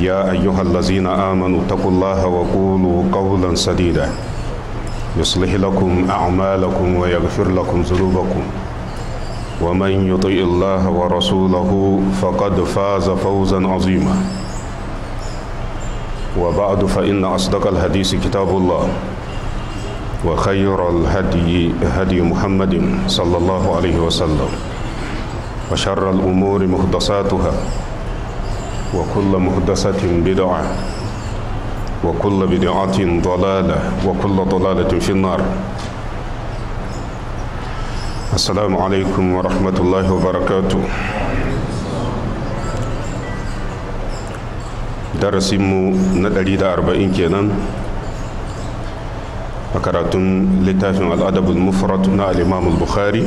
يا أيها الذين آمنوا اتقوا الله وقولوا قولا سديدا يصلح لكم أعمالكم ويغفر لكم ذنوبكم ومن يطع الله ورسوله فقد فاز فوزا عظيما وبعد فإن أصدق الحديث كتاب الله وخير الهدي هدي محمد صلى الله عليه وسلم وشر الأمور محدثاتها وكل مهدسة بدعة وكل بدعة ضلالة وكل ضلالة في النار السلام عليكم ورحمة الله وبركاته درسي مو ندري أربعين كينان فكرة لتافن الأدب المفرد مع الإمام البخاري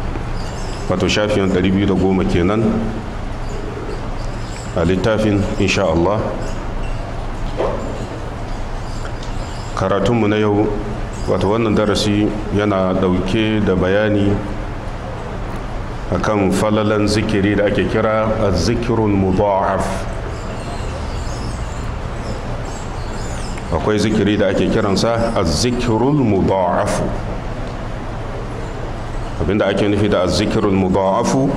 wato da 210 kenan a littafin insha Allah karatunmu na yau wato wannan darasi yana dauke da bayani akan falalan zikiri da ake kira a zikirun mudha'af akwai zikiri da ake kiransa a zikirun mudha'afu abinda ake nufi da zikirin mudha'afu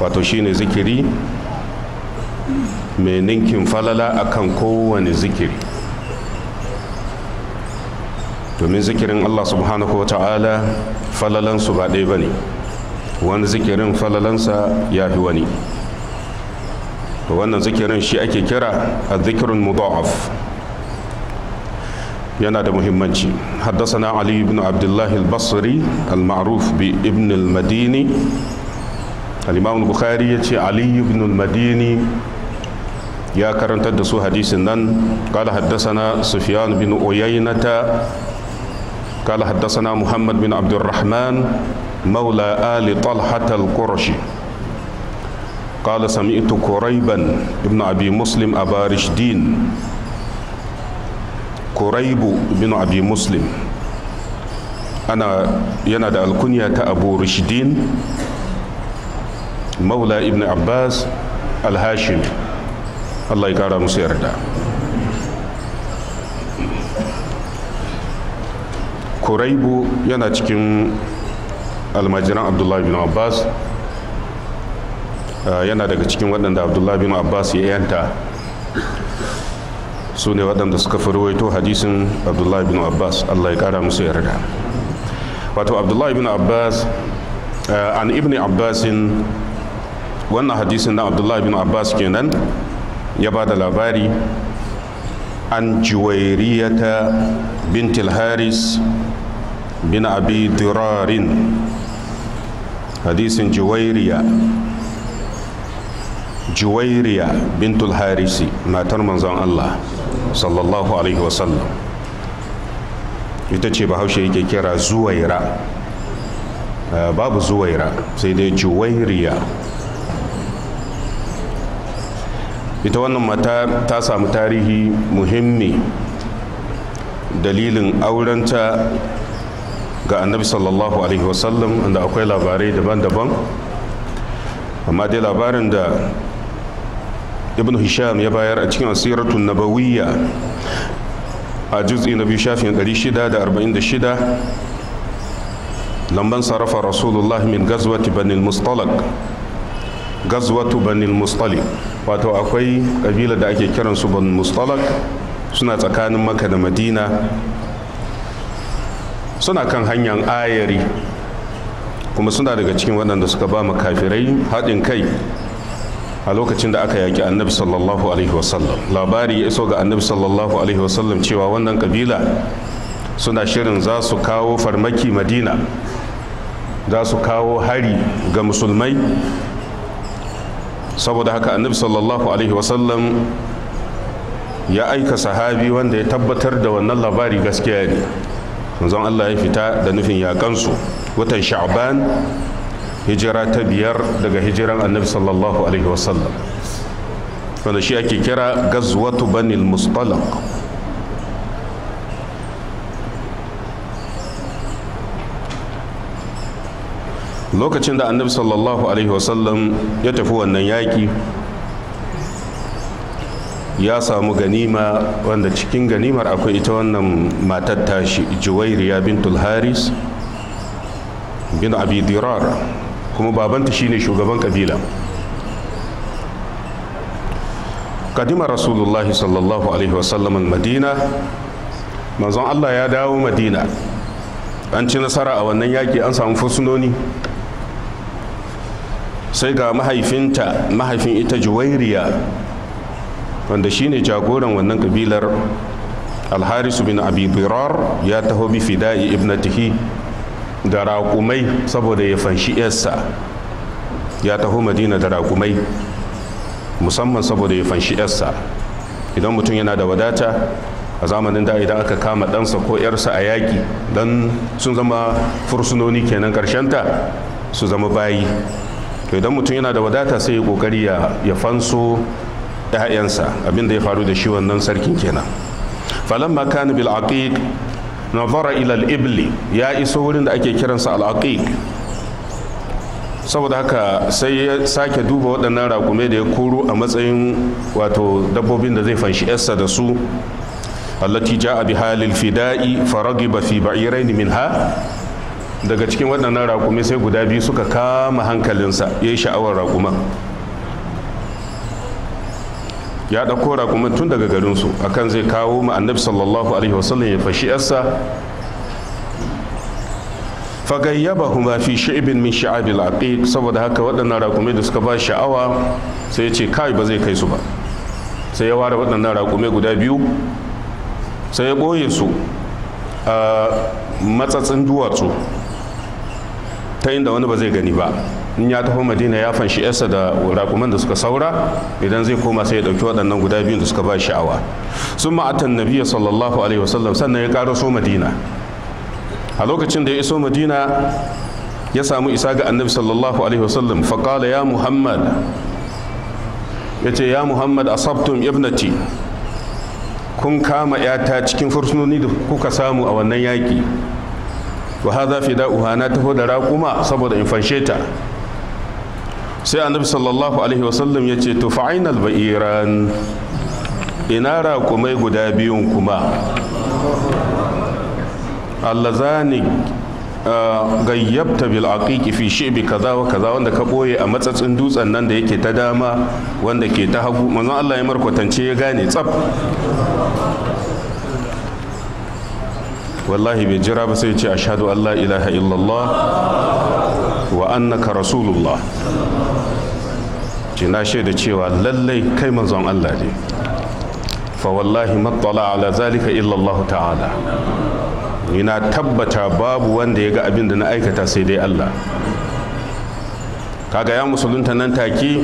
wato shine zikiri mai ninkin falala akan kowane zikiri domin zikirin Allah subhanahu wa ta'ala falalansu ba ɗaya ba ne wani zikirin falalansa ya fi wani to wannan zikirin shi ake kira a zikirin mudha'af yana da muhimmanci haddasana ali ibn abdullah al-basri al-ma'ruf bi ibn al-madini al-imam bukhari yace ali ibn al-madini ya karantar da su hadisin nan kala haddasana sufyan bin uyainata kala haddasana muhammad bin abdurrahman مولى آل طلحة القرشي قال سمعت كريبا ابن أبي مسلم أبا رشدين kuraibu bin abi muslim ana yana da alkunya ta abu rishidin maula ibn abbas alhashim allah ya kara musu yarda kuraibu yana cikin almajiran abdullahi bin abbas ah, yana daga cikin waɗanda abdullahi bin abbas ya yanta su ne waɗanda suka fi ruwaito hadisin abdullahi bin abbas allah ya ƙara musu yarda wato abdullahi bin abbas eh, an ibn abbasin wannan hadisin na abdullahi bin abbas kenan ya ba da labari an juwairiyata bintil haris bin abi dirarin hadisin juwairiya juwairiya bintul harisi matar manzon Allah sallallahu alaihi wasallam ita ce bahaushe yake kira zuwaira eh, babu zuwaira sai dai juwairiya ita wannan mata ta samu tarihi muhimmi dalilin aurenta ga annabi sallallahu alaihi wasallam inda akwai labarai daban-daban amma dai labarin da ibn hisham ya bayar a cikin asiratun nabawiyya a juz'i na biyu shafin 646 lamban sarrafa rasulullah min gazwati banil mustalak gazwatu banil mustalik wato akwai kabila da ake kiransu banil mustalak suna tsakanin maka da madina suna kan hanyar ayari kuma suna daga cikin waɗanda suka ba makafirai haɗin kai a lokacin da aka yaƙi annabi sallallahu alaihi wasallam labari ya iso ga annabi sallallahu alaihi wasallam cewa wannan kabila suna shirin za su kawo farmaki madina za su kawo hari ga musulmai saboda haka annabi sallallahu alaihi wasallam ya aika sahabi wanda ya tabbatar da wannan labari gaskiya ne zan Allah ya fita da nufin yaƙansu watan sha'ban hijira ta biyar daga hijiran annabi sallallahu alaihi wasallam wanda shi ake kira gazwatu banil mustalaq lokacin da annabi sallallahu alaihi wasallam ya tafi wannan yaƙi ya samu ganima wanda cikin ganimar akwai ita wannan matar tashi juwairiya bintul haris bin abi kuma babanta shine shugaban kabila kadima rasulullahi sallallahu alaihi wasallam madina manzon allah ya dawo madina an ci nasara a wannan yaki an samu fursunoni sai ga mahaifinta mahaifin ita juwairiya wanda shine jagoran wannan kabilar alharisu bin abi birar ya taho bi fida'i ibnatihi da raƙumai saboda ya fanshi yarsa ya taho madina da raƙumai musamman saboda ya fanshi yarsa idan mutum yana da wadata a zamanin da idan aka kama ɗansa ko yarsa a yaƙi don sun zama fursunoni kenan ta su zama bayi to idan mutum yana da wadata sai ya ƙoƙari ya fanso 'ya'yansa abinda ya faru da shi wannan sarkin kenan falamma makani bil aqiq nazara ilal ibli ya iso wurin da ake kiransa al'aqiq saboda haka sai ya sake duba waɗannan raƙume da ya koro a matsayin wato dabbobin da zai fanshi yarsa da su allati ja'a bi halil fida'i faragiba fi ba'irain minha daga cikin waɗannan raƙume sai guda biyu suka kama hankalinsa yayi sha'awar raguman ya ɗauko kuma tun daga garinsu akan zai kawo ma annabi sallallahu alaihi wasallam ya fashi yarsa fagayyaba kuma fi sha'ibin min sha'abil aqiq saboda haka waɗannan raƙumai da suka ba sha'awa sai ya ce kai ba zai kai su ba sai ya ware waɗannan raƙumai guda biyu sai ya ɓoye su a matsatsin duwatsu ta inda wani ba zai gani ba in ya taho madina ya fanshi yarsa da rakuman da suka saura idan zai koma sai ya ɗauki waɗannan guda biyun da suka ba sha'awa sun ma'atan nabiya sallallahu alaihi wasallam sannan ya ƙara so madina a lokacin da ya iso madina ya samu isa ga annabi sallallahu alaihi wasallam faƙala ya muhammad ya ce ya muhammad a asabtum ibnati kun kama yata cikin fursunoni da kuka samu a wannan yaƙi wa fi da'uha na taho da raƙuma saboda in fanshe ta sai annabi sallallahu alaihi wasallam ya ce tufa'in alba'iran ina raƙumai guda biyun kuma allazani gayyabta bil aqiqi fi shi'bi kaza wa kaza wanda ka boye a matsatsin dutsen nan da yake ta dama wanda ke ta hagu manzon Allah ya markwatance ya gane tsaf wallahi bai jira ba sai ya ce ashhadu an la ilaha illallah wa annaka rasulullah ce na shaida cewa lallai kai manzon Allah ne fa wallahi mattala ala zalika illallahu ta'ala ni na tabbata babu wanda ya ga abin da na aikata sai dai Allah kaga ya musulunta nan take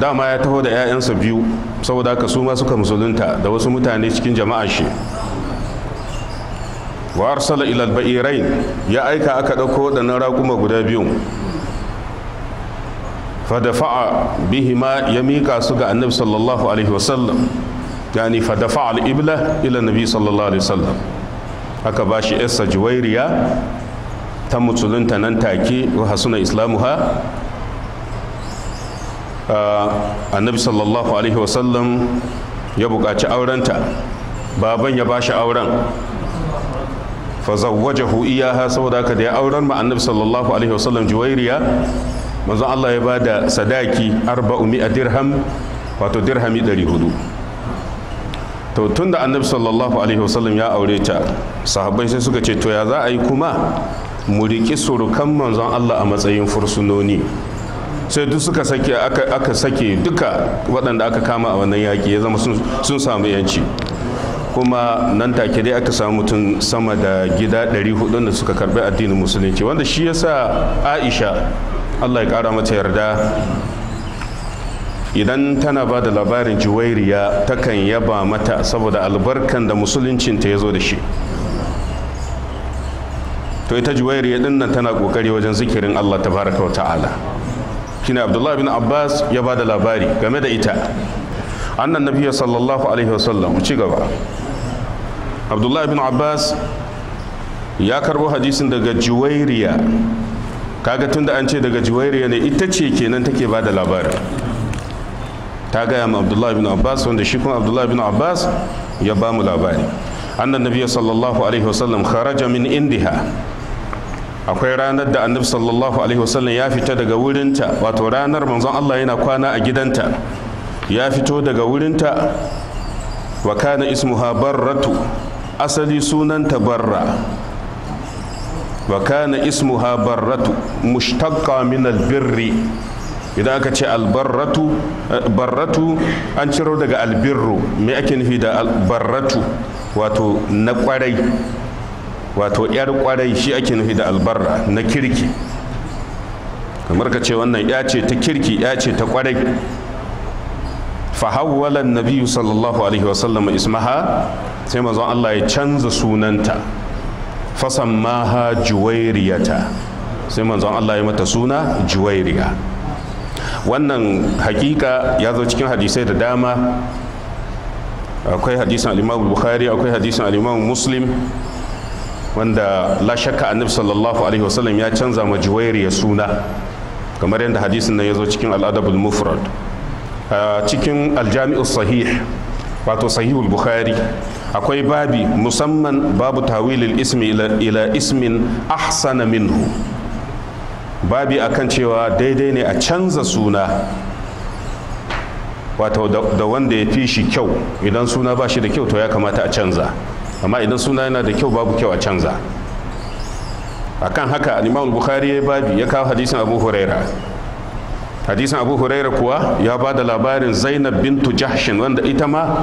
dama ya taho da 'ya'yansa biyu saboda haka su ma suka musulunta da wasu mutane cikin jama'a shi wa arsala ila al ya aika aka dauko waɗannan raƙuma guda biyu fadafa'a bihima ya mika su ga annabi sallallahu alaihi wasallam yani fadafa'a al-ibla ila nabi sallallahu alaihi wasallam aka ba shi essa juwairiya ta musulunta nan take wa islamu ha annabi sallallahu alaihi wasallam ya buƙaci aurenta baban ya ba shi auren fa fazawwajahu iyaha saboda haka da ya auren ma annabi sallallahu alaihi wasallam juwairiya manzon Allah ya ba da sadaki arba'umi a dirham wato dirhami 400 to tun da annabi sallallahu alaihi wasallam ya aure ta sahabbai sai suka ce to ya za a yi kuma mu riƙi surukan manzon Allah a matsayin fursunoni sai duk suka sake aka sake duka waɗanda aka kama a wannan yaƙi ya zama sun samu yanci kuma nan take dai aka samu mutum sama da gida 400 da suka karbi addinin musulunci wanda shi yasa aisha allah ya ƙara mata yarda idan tana ba da labarin juwairiya takan yaba mata saboda albarkan da musuluncinta ya zo da shi to ita juwairiya din nan tana kokari wajen zikirin allah tabaraka wa ta'ala shine abdullahi bin abbas ya ba da labari game da ita annan nabiya sallallahu alaihi wasallam ci gaba abdullahi bin abbas ya karbo hadisin daga juwairiya kaga tunda an ce daga juwairiya ne ita ce kenan take ba da labarin ta gaya ma abdullahi bin abbas wanda shi kuma abdullahi bin abbas ya ba mu labari annan nabiya sallallahu alaihi wasallam kharaja min indiha akwai ranar da annabi sallallahu alaihi wasallam ya fita daga wurinta wato ranar manzon Allah yana kwana a gidanta ya fito daga wurinta wa kana ismuha barratu asali sunanta barra wa kana ismuha barratu mushtaqqa min albirri idan aka ce albarratu eh, barratu an ciro daga albirru me ake nufi da albarratu wato na kwarai wato yar kwarai shi ake nufi da albarra na kirki kamar ka ce wannan ya ce ta kirki ya ce ta kwarai fa fahawwala nabiyu sallallahu alaihi wasallam ismaha sai mazan Allah ya canza sunanta Fasan maha juwairiyata sai manzon Allah ya mata suna juwairiya wannan hakika ya zo cikin hadisai da dama akwai hadisan al-imam bukhari akwai hadisan al-imam muslim wanda la shakka annabi sallallahu alaihi wasallam ya canza ma juwairiya suna kamar yadda hadisin nan ya zo cikin al'adabul mufrad cikin aljami'ul sahih wato sahihul bukhari akwai babi musamman babu tawilil ismi ila ismin ahsana minhu babi akan cewa daidai ne a canza suna wato da wanda ya fi shi kyau idan suna ba shi da kyau to ya kamata a canza amma idan suna yana da kyau babu kyau a canza akan haka imam bukhari ya babi ya kawo hadisin abu huraira hadisin abu huraira kuwa ya ba da labarin zainab bintu jahshin wanda ita ma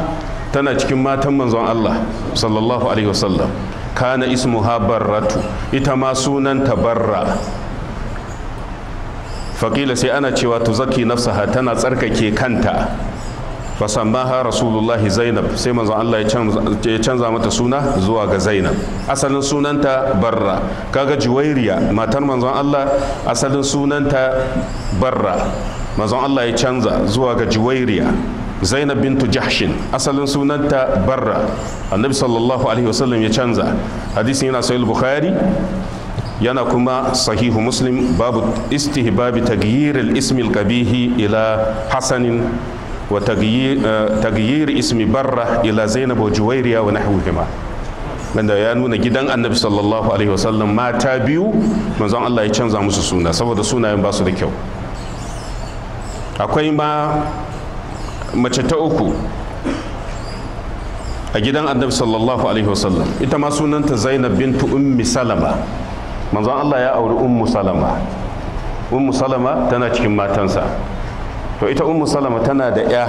tana cikin matan manzon Allah sallallahu alaihi wasallam kana ismuha barratu ita ma sunanta barra faƙila sai ana cewa tuzaki nafsaha tana tsarkake kanta fasammaha rasulullahi zainab sai manzon Allah ya canza mata suna zuwa ga zainab asalin sunanta barra kaga juwairiya matar manzon Allah asalin sunanta barra manzon Allah ya canza zuwa ga juwairiya zainab bintu jahshin asalin sunanta barra annabi sallallahu alaihi wasallam ya canza hadisin yana sahih bukhari yana kuma sahihu muslim babu istihbabi tagyir al-ismi al-qabihi ila hasanin wa eh, tagyir ismi barra ila zainab wa juwairiya wa nahwihima wanda ya nuna gidan annabi sallallahu alaihi wasallam mata biyu manzon Allah ya canza musu suna saboda sunayen ba su da kyau akwai ma mace ta uku a gidan annabi sallallahu alaihi wasallam ita ma sunanta zainab bintu ummi salama manzon Allah ya auri ummu salama ummu salama tana cikin matansa to ita ummu salama tana da ya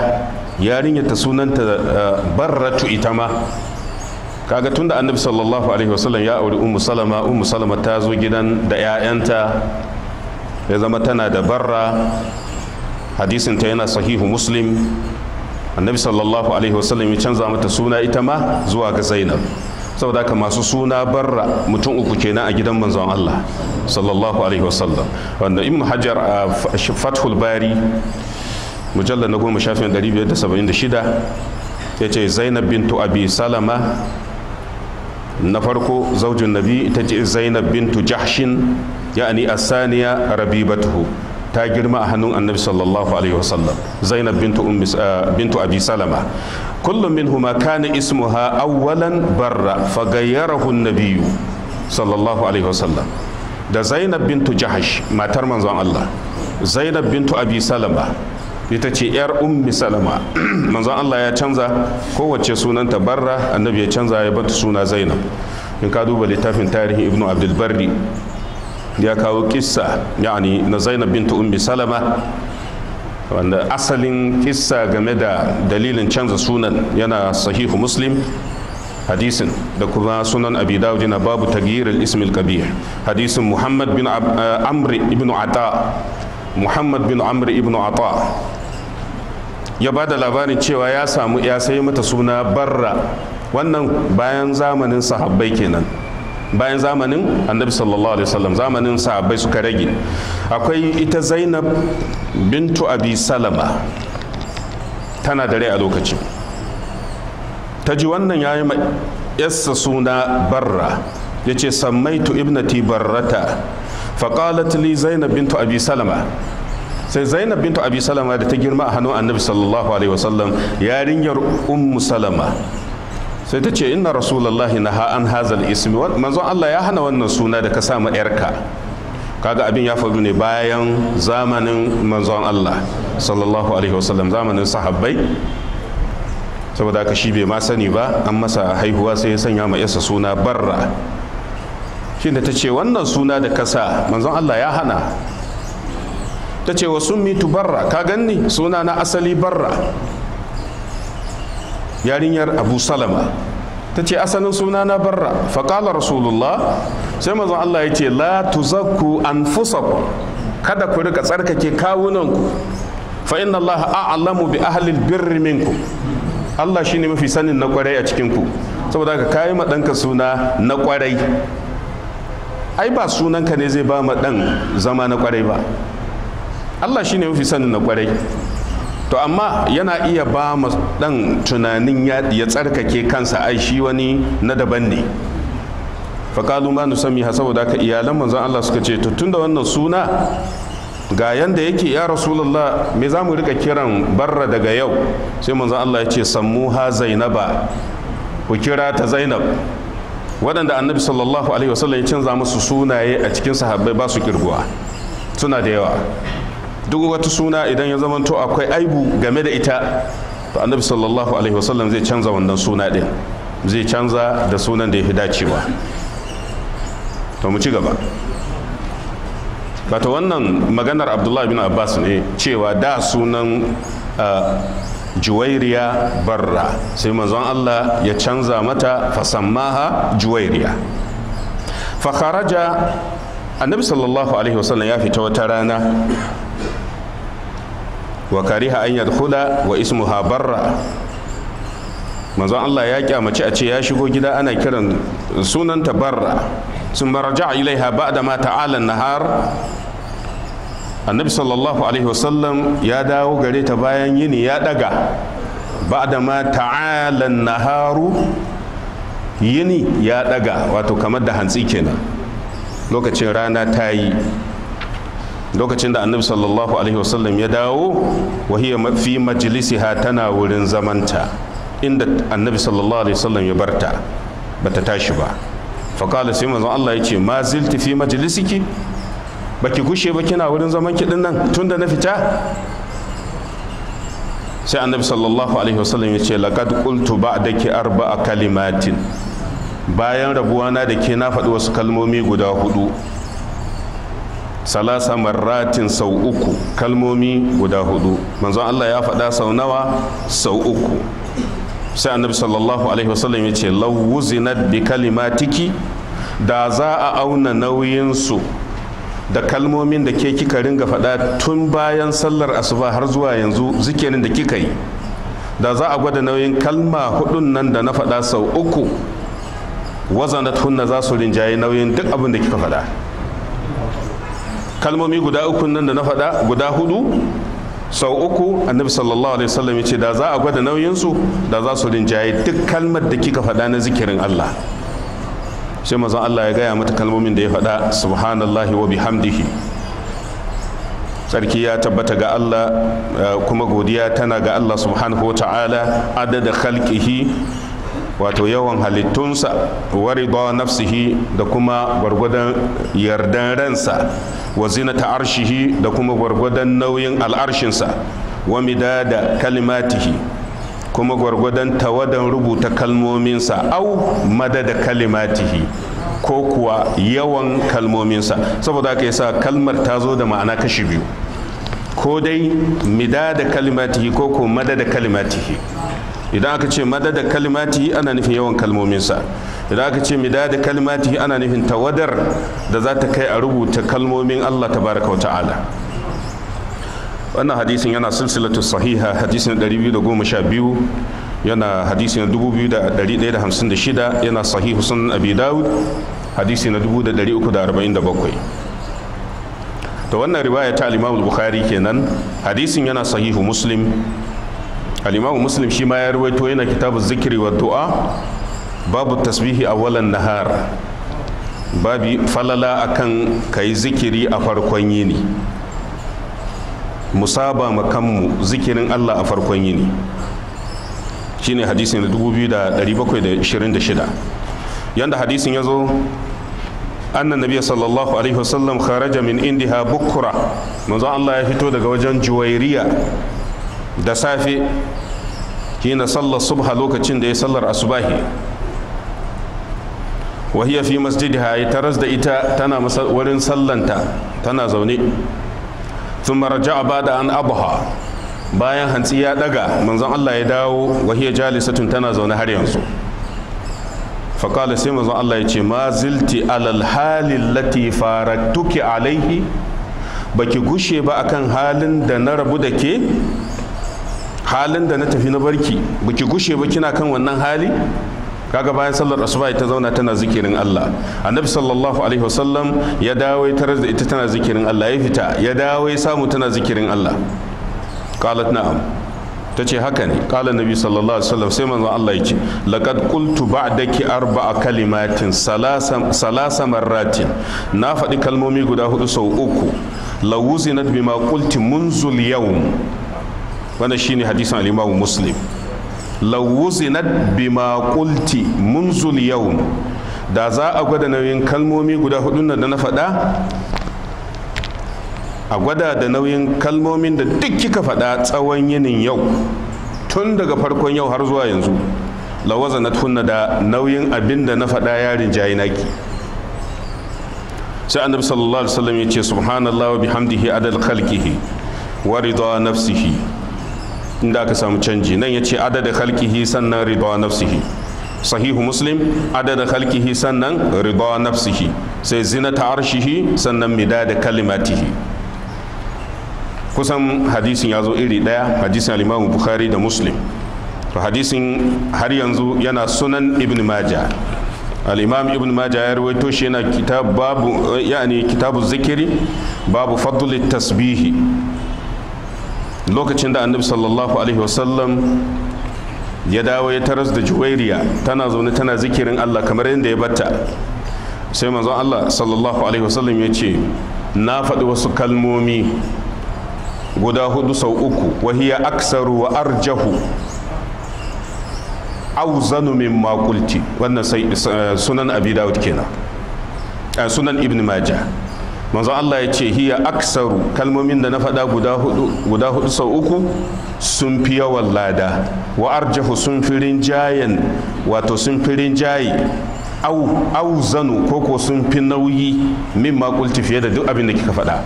yarinya ta sunanta eh, barratu ita ma kaga tunda annabi sallallahu alaihi wasallam ya auri ummu salama ummu salama ta zo gidan da 'ya'yanta ya zama tana da barra hadisin ta yana sahihu muslim annabi sallallahu alaihi wasallam ya canza mata suna ita ma zuwa ga zainab saboda haka masu suna barra mutum uku kenan a gidan manzon Allah sallallahu alaihi wasallam wanda ibn hajar a fathul bari mujallar na goma shafin 576 ya ce zainab bintu abi salama na farko zaujin nabi ita ce zainab bintu jahshin ya'ani asaniya rabibatuhu ta girma a hannun annabi sallallahu alaihi wasallam zainab bintu ummi uh, bintu abi salama kullum minhuma kana ismuha awwalan barra fagayyarahu an-nabiy sallallahu alaihi wasallam da zainab bintu jahash matar manzon Allah zainab bintu abi salama ita ce yar ummi salama manzon Allah ya canza kowace sunanta barra annabi ya canza ya bata suna zainab in ka duba littafin tarihin ibnu abdul barri ya kawo kissa yani na zainab binta ummi salama wanda asalin kissa game da dalilin canza sunan yana sahihu muslim hadisin da kuma sunan abi na babu taghyir al-ism kabir hadisin eh, muhammad bin amr ibn ata muhammad bin ibn ata ya ba da labarin cewa ya samu ya sai mata suna barra wannan bayan zamanin sahabbai kenan bayan zamanin annabi sallallahu alaihi wasallam zamanin sahabbai suka rage akwai ita zainab bintu abi salama tana da rai a lokacin ta ji wannan ya yi yassa suna barra ya ce sammaitu ibnati barrata faƙalat li zainab bintu abi salama sai zainab bintu abi salama da ta girma a hannun annabi sallallahu alaihi wasallam yarinyar ummu salama sai ta ce inna na ha an hazal ismi manzon Allah ya hana wannan suna da ka samu yarka kaga abin ya faru ne bayan zamanin manzon Allah sallallahu alaihi wasallam zamanin sahabbai saboda haka shi bai ma sani ba an masa haihuwa sai ya sanya ma yasa suna barra da ta ce wannan suna da kasa manzon Allah ya hana ta ce wa sun mitu barra ka ganni suna na asali barra yarinyar abu salama ta ce asalin suna na barra faƙala rasulullah sai mazan allah ya ce la tuzakku fusaku kada ku rika tsarkake kawunanku fa inna allaha a'lamu bi ahlil birri minkum allah shine mafi sanin na kwarai a cikin ku saboda ka kai ma danka suna na kwarai ai ba sunanka ne zai ba ma ɗan zama na kwarai ba allah shine mafi sanin na kwarai to amma yana iya ba ma dan tunanin ya tsarkake kansa ai shi wani na daban ne faƙalu ma nusami saboda ka iyalan manzon Allah suka ce to tunda wannan suna ga yanda yake ya rasulullah me za mu rika kiran barra daga yau sai manzon Allah ya ce sammuha zainaba ku kira ta zainab waɗanda annabi sallallahu alaihi wasallam ya canza musu sunaye a cikin sahabbai ba su kirguwa suna da yawa duk wata suna idan ya zamanto akwai aibu game da ita to annabi sallallahu alaihi wasallam zai canza wannan suna din zai canza da sunan da ya fi dacewa to mu ci gaba bata wannan maganar abdullahi bin abbas ne cewa da sunan juwairiya barra sai manzon allah ya canza mata fasammaha juwairiya kharaja annabi sallallahu alaihi wasallam ya fita wata rana wa kariha an yadkhula wa ismuha barra manzon Allah ya kyamaci a ce ya shigo gida ana kiran sunanta barra sun maraja ilaiha ba'da ma ta'ala nahar annabi sallallahu alaihi wasallam ya dawo gare ta bayan yini ya daga ba'da ma ta'ala naharu yini ya daga wato kamar da hantsi kenan lokacin rana ta yi lokacin da annabi sallallahu alaihi wasallam ya dawo wahiya fi majalisiha tana wurin zamanta inda annabi sallallahu alaihi wasallam ya barta bata tashi ba faƙala sai mazan Allah ya ce ma zilti fi majalisiki baki gushe ba kina wurin zaman ki nan tun da na fita sai annabi sallallahu alaihi wasallam ya ce laqad qultu ba'daki arba'a kalimatin bayan rabuwa na da ke na faɗi wasu kalmomi guda hudu salasa maratin sau uku kalmomi guda hudu manzon Allah ya faɗa sau nawa sau uku sai annabi sallallahu alaihi wasallam ya ce lawuzinat bi kalimatiki da za a auna nauyinsu da kalmomin da ke kika ringa faɗa tun bayan sallar asuba har zuwa yanzu zikirin da kika yi da za a gwada nauyin kalma hudun nan da na faɗa sau uku wazanat hunna za su rinjaye nauyin duk abin da kika faɗa kalmomi guda uku nan da na faɗa guda hudu sau uku annabi sallallahu alaihi wasallam ya ce da za a gwada nauyinsu da za su rinjaye duk kalmar da kika faɗa na zikirin Allah sai mazan Allah ya gaya mata kalmomin da ya faɗa subhanallahi wa bihamdihi sarki ya tabbata ga Allah eh, kuma godiya tana ga Allah subhanahu wa ta'ala adada khalqihi wato yawan halittunsa warida nafsihi da kuma gwargwadon yardan ransa wa zinata arshihi da kuma gwargwadon nauyin al'arshinsa wa midada kalimatihi kuma gwargwadon tawadan rubuta kalmominsa au madada kalimatihi ko kuwa yawan kalmominsa saboda aka yi sa kalmar ta zo da ma'ana kashi biyu ko dai midada kalimatihi ko ko madada kalimatihi idan aka ce madada kalimati ana nufin yawan kalmominsa idan aka ce midada kalimati ana nufin tawadar da za ta kai a rubuta kalmomin Allah ta tabaraka wa ta'ala wannan hadisin yana silsilatu sahiha hadisin 212 yana hadisin 2156 yana sahihu sunan abi dawud hadisi na 347 to wannan riwaya ta al-Imam al-Bukhari kenan hadisin yana sahihu Muslim al muslim shi ma ya rawaito yana kitabu zikiri wa du'a babu tasbihi a walan nahar babi falala akan kai zikiri a farkon yini musaba makanmu zikirin Allah a farkon yini shine hadisin da 2726 yadda hadisin ya zo annan nabiya sallallahu alaihi wasallam kharaja min indiha bukura manzo Allah ya fito daga wajen juwairiya da safe na sallar subha lokacin da ya sallar asubahi wahiya fi masjidiha ya taras da ita tana wurin sallanta tana zaune thumma raja'a bada an abuha bayan hantsi ya daga manzon Allah ya dawo wahiya jalisatun tana zaune har yanzu faƙala sai manzon Allah ya ce ma zilti alal halin lati farattuki alaihi baki gushe ba akan halin da na rabu da ke halin da na tafi na barki ba ki gushe ba kina kan wannan hali kaga bayan sallar asuba ita zauna tana zikirin Allah annabi sallallahu alaihi wasallam ya dawo ya tarar da ita tana zikirin Allah ya fita ya dawo ya samu tana zikirin Allah qalat na'am ta ce haka ne qala nabi sallallahu alaihi wasallam sai manzon Allah ya ce laqad qultu ba'daki arba'a kalimatin salasa salasa marratin na faɗi kalmomi guda hudu sau uku lawuzinat bima qulti munzul yawm wannan shine hadisin al-Imam Muslim law wuzinat bima qulti munzul yawm da za a gwada nauyin kalmomi guda hudun da na faɗa a gwada da nauyin kalmomin da duk kika faɗa tsawon yinin yau tun daga farkon yau har zuwa yanzu lawaza na tunna da nauyin abin da na faɗa yarin jayi naki sai annabi sallallahu alaihi wasallam ya ce subhanallahi wa bihamdihi adal khalqihi wa rida nafsihi inda aka samu canji nan ya ce adada halkihi sannan ridawa nafsihi sahihu muslim adada halkihi sannan ridawa nafsihi sai ta arshihi sannan da kalimatihi kusan hadisin ya zo iri ɗaya hadisin alimamu bukhari da muslim to hadisin har yanzu yana sunan ibn maja al-imam ibn maja ya rawaito shi yana kitab babu eh, yani kitabu zikiri babu fadl tasbihi lokacin da annabi sallallahu alaihi wasallam ya dawo ya taras da juwairiya tana zaune tana zikirin Allah kamar yadda ya batta sai manzon Allah sallallahu alaihi wasallam ya ce na faɗi wasu kalmomi guda hudu sau uku wahiya aksaru wa arjahu auzanu min makulti wannan eh, sunan abi dawud kenan eh, sunan ibn majah manzo Allah ya ce hiya aksaru kalmomin da na faɗa guda hudu sau uku sun fi yawan lada wa arjahu sun fi rinjayen wato sun fi rinjaye au au zanu ko sun fi nauyi min makulti fiye da duk abin da kika faɗa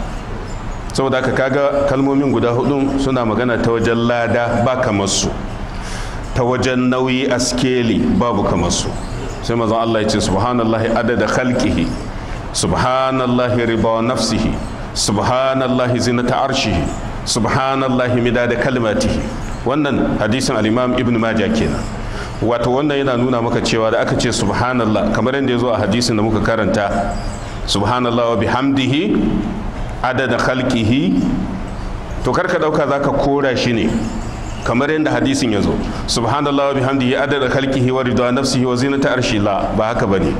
saboda haka kaga kalmomin guda hudun suna magana ta wajen lada ba kamar su ta wajen nauyi a sikeli babu kamar su sai manzo Allah ya ce subhanallahi adada khalqihi subhanallahi riba nafsihi subhanallahi zinata arshihi subhanallahi midada kalmatihi wannan hadisin al-imam ibn majah kenan wato wannan yana nuna maka cewa da aka ce subhanallah kamar yadda ya zo a hadisin da muka karanta subhanallah wa bihamdihi adada khalqihi to karka dauka zaka kora shi ne kamar yadda hadisin ya zo subhanallah wa bihamdihi adada khalqihi wa ridwa nafsihi wa zinata arshi la ba haka bane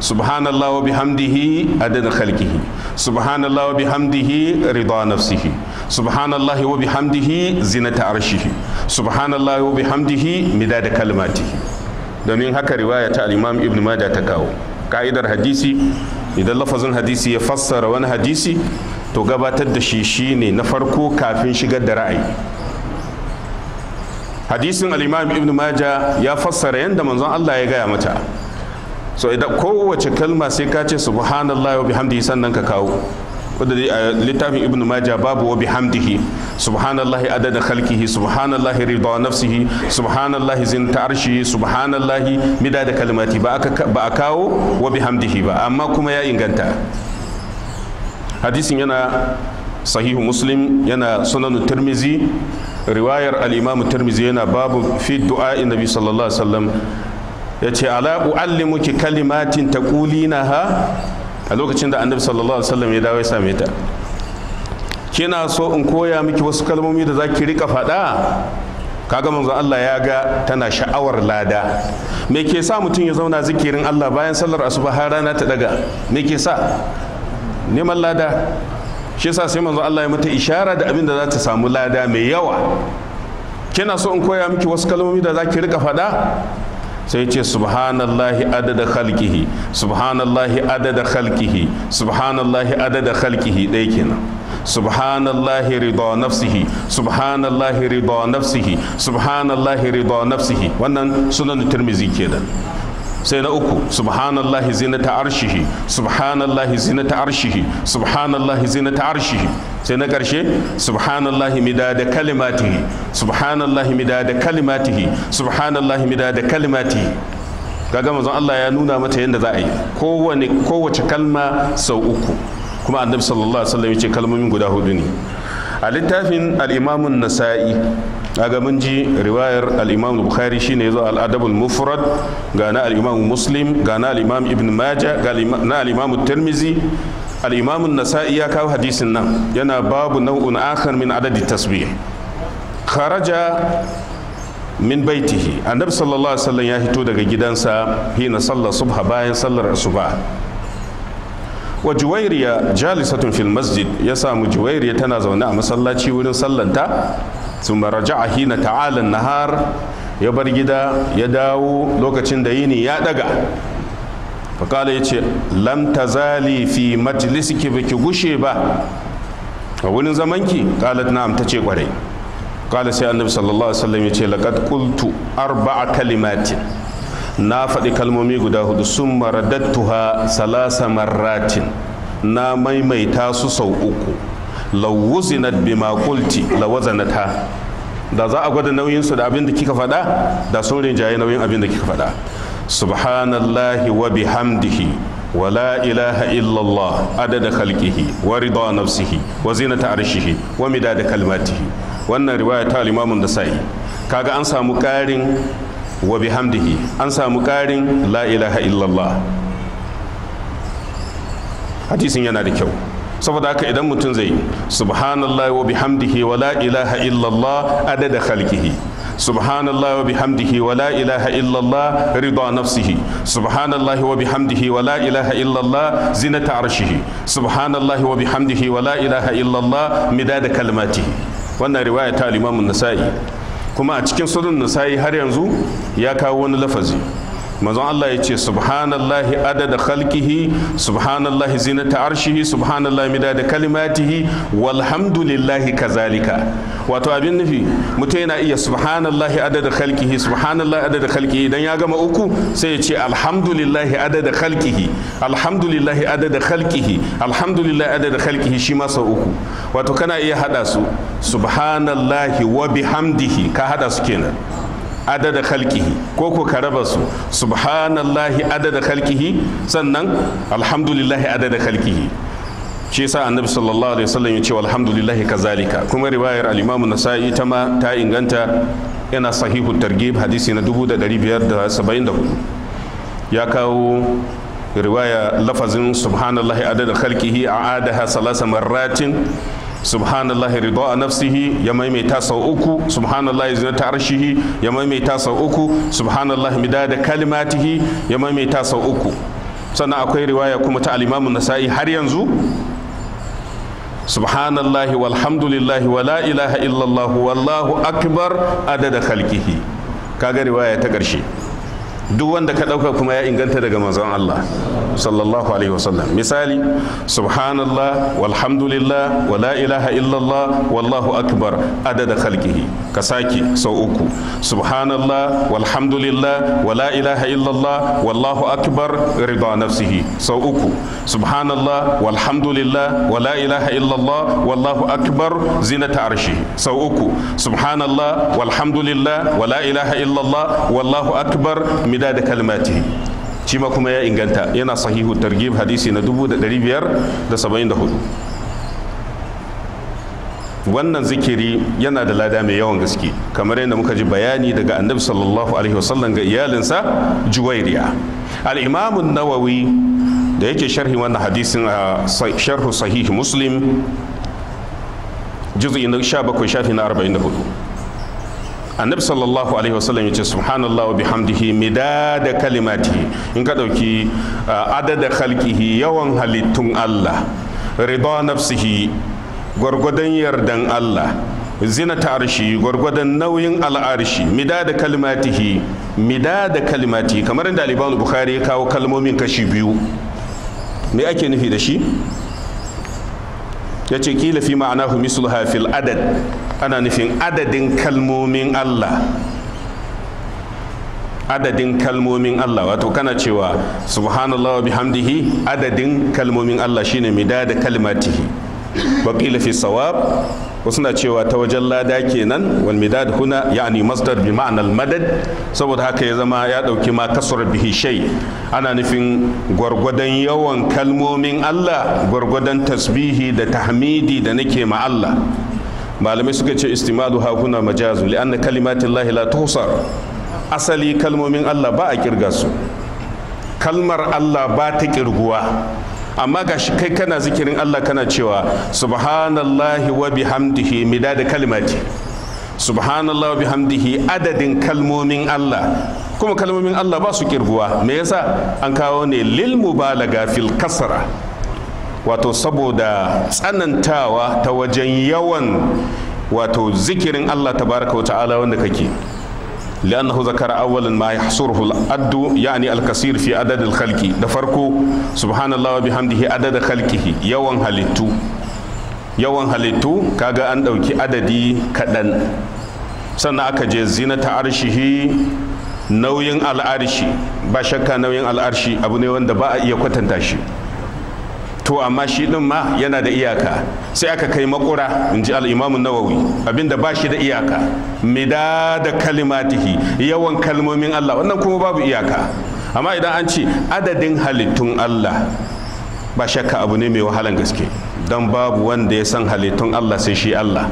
subhanallah wa bihamdihi adana khalqihi subhanallah wa bihamdihi rida nafsihi subhanallah wa bihamdihi zinata arshihi subhanallah wa bihamdihi midada kalmatihi domin haka riwaya ta al ta kawo ka'idar hadisi idan lafazin hadisi ya fassara wani hadisi to gabatar da shi shi ne na farko kafin shigar da ra'ayi hadisin al-imam ya fassara yadda manzon Allah ya gaya mata so idan kowace kalma sai ka ce subhanallahi wa bihamdihi sannan ka kawo wanda a littafin ibnu majah babu wa bihamdihi subhanallahi adada khalqihi subhanallahi rida nafsihi subhanallahi zinta arshi subhanallahi midada kalimati ba aka ba a kawo wa bihamdihi ba amma kuma ya inganta hadisin yana sahihu muslim yana sunan tirmizi riwayar al-imam tirmizi yana babu fi du'a nabi sallallahu alaihi wasallam ya ce ala u'allimuki kalimatin taqulina ha a lokacin da annabi sallallahu alaihi wasallam ya dawo ya same ta kina so in koya miki wasu kalmomi da zaki rika faɗa kaga manzon Allah ya ga tana sha'awar lada me ke sa mutum ya zauna zikirin Allah bayan sallar asuba har rana ta daga me ke sa neman lada shi yasa sai manzon Allah ya mata ishara da abin da za ta samu lada mai yawa kina so in koya miki wasu kalmomi da zaki rika faɗa sai ce subhanallahi adada khalqihi subhanallahi adada khalqihi subhanallahi adada khalqihi dai kenan subhanallahi rida nafsihi subhanallahi rida nafsihi subhanallahi rida nafsihi wannan sunan tirmizi kenan sai na uku subhanallahi zinata arshihi subhanallahi zinata arshihi subhanallahi zinata arshihi sai na ƙarshe subhanallahi midada kalimatihi subhanallahi midada kalimatihi subhanallahi midada kalimatihi kaga manzon Allah ya nuna mata yadda za a yi kowane kowace kalma sau uku kuma annabi sallallahu alaihi wasallam ya ce kalmomin guda hudu ne a littafin al-imamun nasa'i aga mun ji riwayar al-Imam Bukhari shine yazo al-Adab al-Mufrad ga na al-Imam Muslim ga na al-Imam Ibn Majah ga na al-Imam Tirmidhi al-Imam an-Nasa'i ya kawo hadisin nan yana babu nau'un akhar min adadi tasbih kharaja min baitihi annabi sallallahu alaihi wasallam ya hito daga gidansa hina sallar subha bayan sallar asuba wa juwairiya jalisatun fil masjid ya samu juwairiya tana zaune a masallaci wurin sallanta sun raja'a hina ta'alan har ya bar gida ya dawo lokacin da yini ya daga fakala ya ce lam tazali fi majlisiki baki gushe ba a zamanki kalat na'am ta ce kwarai kala sai annabi ya ce laqad arba'a kalimatin na faɗi kalmomi guda hudu sun maradattuha salasa marratin na maimaita su sau uku lawuzinat bima qulti lawazanata da za a gwada nauyin su da abin da kika faɗa da sun rinjaye nauyin abin da kika faɗa subhanallahi wa bihamdihi wa la ilaha illallah adada khalqihi wa rida nafsihi wa zinata arshihi wa midada kalmatihi wannan riwaya ta limamun da sa'i kaga an samu karin wa bihamdihi an samu ƙarin la ilaha illallah hadisin yana da kyau saboda haka idan mutum zai subhanallahi wa bihamdihi wa la ilaha illallah adada khalqihi subhanallahi wa bihamdihi wa la ilaha illallah rida nafsihi wa bihamdihi wa la ilaha illallah zinata arshihi wa bihamdihi wa la ilaha illallah midada kalmatihi wannan riwaya ta al-Imam an-Nasa'i kuma a cikin sunan Nasa'i har yanzu ya kawo wani lafazi manzon Allah ya ce subhanallahi adada khalqihi subhanallahi zinata arshihi subhanallahi midada kalimatihi walhamdulillahi kazalika wato abin nufi mutum yana iya subhanallahi adada khalqihi subhanallahi adada khalqihi dan ya gama uku sai ya ce alhamdulillahi adada khalqihi alhamdulillahi adada khalqihi alhamdulillahi adada khalqihi shi ma sau uku wato kana iya hada su subhanallahi wa bihamdihi ka hada su kenan adada khalqihi ko ko ka raba su subhanallahi adada khalqihi sannan alhamdulillahi adada khalqihi shi yasa annabi sallallahu alaihi wasallam ya ce alhamdulillahi kazalika kuma riwayar al-imam nasa'i ta ma ta inganta yana sahihu targhib hadisi na 1574 ya kawo riwaya lafazin subhanallahi adada a adaha salasa marratin subhanallahi ridwa nafsihi ya maimaita sau uku subhanallahi zinata arshihi ya maimaita sau uku subhanallahi midada kalimatihi ya maimaita sau uku sannan akwai riwaya kuma ta al Nasa'i har yanzu subhanallahi walhamdulillahi wa la ilaha illallah wallahu akbar adada khalqihi kaga riwaya ta ƙarshe duk wanda ka ɗauka kuma ya inganta daga manzon Allah sallallahu alaihi wasallam misali subhanallah walhamdulillah wa la ilaha illallah wallahu akbar adada khalqihi ka sake sau uku subhanallah walhamdulillah wa la ilaha illallah wallahu akbar rida nafsihi sau uku subhanallah walhamdulillah wa la ilaha illallah wallahu akbar zinata arshi sau uku subhanallah walhamdulillah wa la ilaha illallah wallahu akbar min da kalmati shi ma kuma ya inganta yana sahihu targhib hadisi na 1574 wannan zikiri yana da lada mai yawan gaske kamar yadda muka ji bayani daga annabi sallallahu alaihi wasallam ga iyalinsa juwairiya al nawawi da yake sharhi wannan hadisin a sharhu sahih muslim juz'i na 17 shafi na 44 annabi sallallahu alaihi wasallam ya ce subhanallah wa bihamdihi midada kalimati in ka dauki uh, adada khalqihi yawan halittun Allah rida nafsihi gwargwadon yardan Allah ta arshi gwargwadon nauyin al'arshi midada kalimatihi midada kalimati kamar inda al bukhari ya kawo kalmomin kashi biyu me ake nufi da shi yace kila fi ma'anahu misluha fil adad ana nufin adadin kalmomin Allah adadin kalmomin Allah wato kana cewa subhanallah wa bihamdihi adadin kalmomin Allah shine midada kalmatihi wa qila fi sawab wasu na cewa ta wajen lada kenan wal midad huna yani masdar bi ma'anal madad saboda haka ya zama ya dauki ma kasar bihi shay ana nufin gwargwadon yawan kalmomin Allah gwargwadon tasbihi da tahmidi da nake ma Allah malamai suka ce istimadu hakuna majazu li'anna kalimatin lahi la tuhsar asali kalmomin Allah ba a kirga su kalmar Allah ba ta kirguwa amma ga shi kai kana zikirin Allah kana cewa subhanallahi wa bihamdihi da kalimati subhanallah wa bihamdihi adadin kalmomin Allah kuma kalmomin Allah ba su kirguwa me yasa an kawo ne lil mubalaga fil kasara. wato saboda tsanantawa ta wajen yawan wato zikirin Allah tabaraka wa ta'ala wanda kake lannahu zakara awwalan ma yahsuruhu al-addu yani al-kasir fi adad da farko subhanallahi wa bihamdihi adad khalqihi yawan halittu yawan halittu kaga an ɗauki adadi kaɗan. sannan aka je zinata arshihi nauyin al-arshi shakka nauyin al-arshi abu ne wanda ba a iya kwatanta shi to amma shi din ma yana da iyaka sai aka kai makura in ji al'imamu nawawi abinda ba shi da iyaka mida da kalimatihi yawan kalmomin allah wannan kuma babu iyaka amma idan an ce adadin halittun allah ba shakka abu ne mai wahalan gaske don babu wanda ya san halittun allah sai shi allah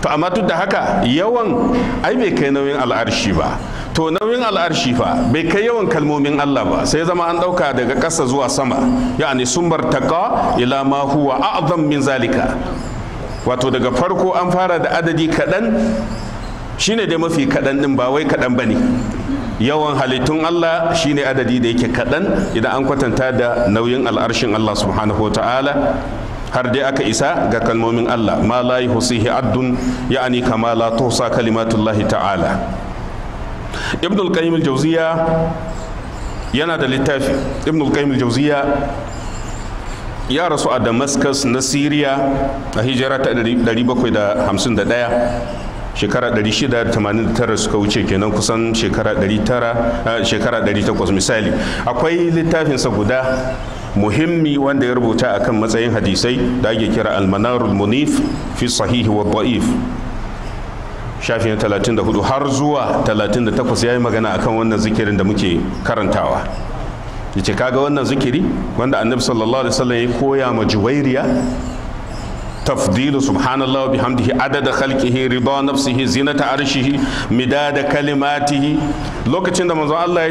to amma duk da haka yawan ai bai kai nauyin al'arshi ba to nauyin al'arshi fa bai kai yawan kalmomin Allah ba sai zama an ɗauka daga ƙasa zuwa sama ya'ani sun bartaka ila ma huwa a'zam min zalika wato daga farko an fara da adadi kaɗan shine da mafi kaɗan ɗin ba wai kaɗan ba ne yawan halittun Allah shine adadi da yake kaɗan idan an kwatanta da nauyin al'arshin Allah subhanahu ta'ala har dai aka isa ga kalmomin Allah ma la yuhsihi addun ya'ani kama la tuhsa kalimatullahi ta'ala ibn al-qayyim al-jawziya yana da littafi ibn al-qayyim al-jawziya ya rasu a damascus na syria a hijira ta 751 shekara 689 suka wuce kenan kusan shekara 900 shekara 800 misali akwai littafinsa guda muhimmi wanda ya rubuta akan matsayin hadisai da ake kira al-manarul munif fi sahihi wa da'if shafi na hudu har zuwa 38 ya yi magana akan wannan zikirin da muke karantawa ce kaga wannan zikiri wanda annabi sallallahu alaihi wasallam ya koya ma juwairiya Tafdilu subhanallahu bihamdihi adada khalqihi rida nafsihi zinata arshihi midada kalimatihi lokacin da manzon Allah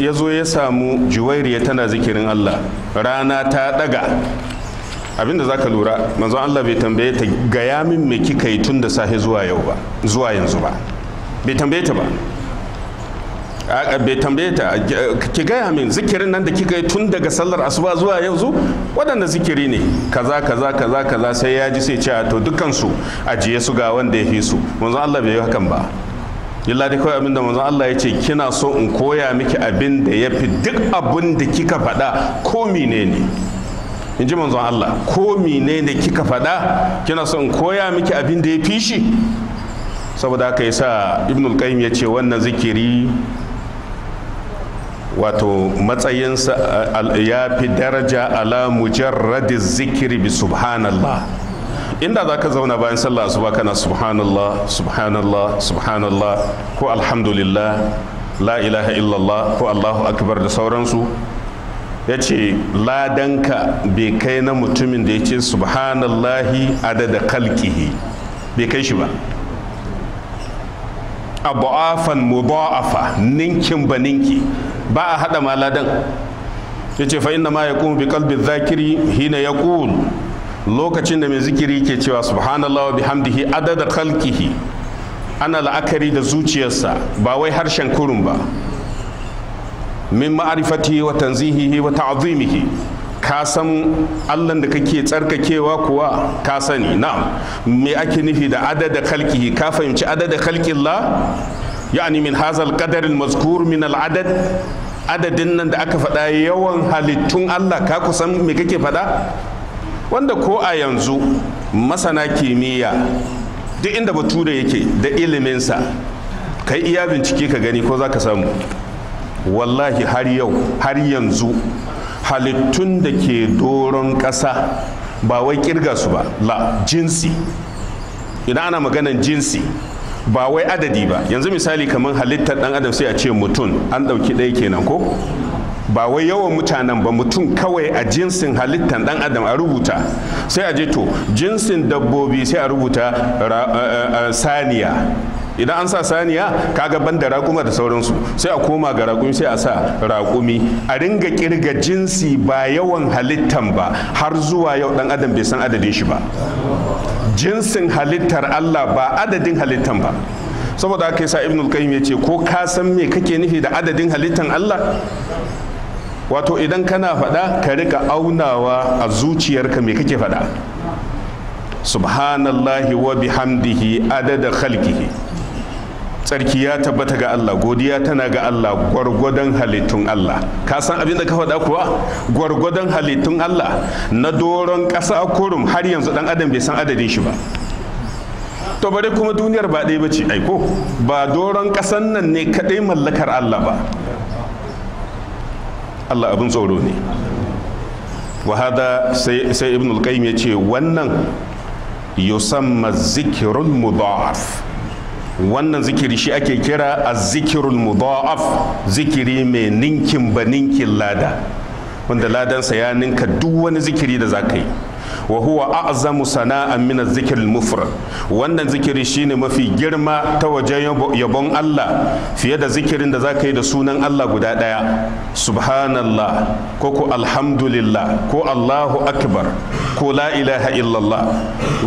ya zo ya samu juwairiya tana zikirin Allah rana ta daga abinda ka lura manzo Allah bai tambaye ta gaya min me kika yi tun da safe zuwa yau ba zuwa yanzu ba bai tambaye ta ba bai tambaye ta ki gaya min zikirin nan da kika yi tun daga sallar asuba zuwa yanzu waɗanda zikiri ne kaza kaza kaza kaza sai ya ji sai ce to dukkansu ajiye su ga wanda ya fi su manzo Allah bai yi hakan ba illa dai kawai abinda manzo Allah ya ce kina so in koya miki abin da ya fi duk abin da kika faɗa ko menene ne in ji manzon Allah ko mine da kika faɗa kina son koya miki abin da ya fi shi saboda haka yasa sa qayyim ya ce wannan zikiri wato matsayinsa ya fi daraja ala mujarradi zikiri bi subhanallah inda za ka zauna bayan sallah asuba kana subhanallah subhanallah subhanallah ko alhamdulillah la ilaha illallah ko allahu akbar da sauransu ya ce ladanka bai kai na mutumin da ya ce subhanallahi adada kalkihi bai kai shi ba mu muba'afa ninkin ba ninki ba a hada ma ladan ya ce fa'in ma ya kuma bi kalbi zakiri hina ya lokacin da mai zikiri ke cewa subhanallah wa bihamdihi adada kalkihi ana la'akari da zuciyarsa ba wai harshen kurun ba min ma'arifati wa tanzihihi wa ta'zimihi ka san Allah da kake tsarkakewa kuwa ka sani na'am me ake nufi da adada khalqihi ka fahimci adada khalqillah yani min hazal qadar al mazkur min al adad adadin nan da aka faɗa yawan halittun Allah ka kusan me kake faɗa wanda ko a yanzu masana kimiyya duk inda bature yake da iliminsa kai iya bincike ka gani ko za ka samu wallahi har yau har yanzu halittun da ke doron ƙasa ba wai kirga su ba la jinsi idan ana maganan jinsi ba wai adadi ba yanzu misali kamar halittar dan adam sai a ce mutum an ɗauki ɗaya kenan ko ba wai yawan mutanen ba mutum kawai a jinsin halittar dan adam a rubuta sai a je to jinsin dabbobi sai a rubuta eh, eh, eh, saniya idan an sa saniya kaga ban da raƙuma da sauransu sai a koma ga raƙumi sai a sa raƙumi a ringa kirga jinsi ba yawan halittan ba har zuwa yau ɗan adam bai san adadin shi ba jinsin halittar Allah ba adadin halittan ba saboda haka yasa ibnul qayyim ce ko ka san me kake nufi da adadin halittan Allah wato idan kana faɗa ka rika aunawa a zuciyarka me kake faɗa subhanallahi wa bihamdihi adada khalqihi tsarki ya tabbata ga Allah godiya tana ga Allah gwargwadon halittun Allah ka san abin da ka faɗa kuwa gwargwadon halittun Allah na doron ƙasa kurum har yanzu dan adam bai san adadin shi ba to bare kuma duniyar ba ɗaya bace aiko ba doron ƙasan nan ne kaɗai mallakar Allah ba Allah abin tsoro ne wahada sai ibn al ya ce wannan yusamma zikirun mudhaf wannan zikiri shi ake kira azzikirul mudha'af zikiri mai ninkin ba ninkin lada wanda ladansa ya ninka duk wani zikiri da zaka yi wa huwa a'zamu sana'an min az-zikr al-mufrad wannan zikiri shine mafi girma ta wajen yabon Allah fiye da zikirin da zaka yi da sunan Allah guda daya subhanallah ko ko alhamdulillah ko Allahu akbar ko la ilaha illallah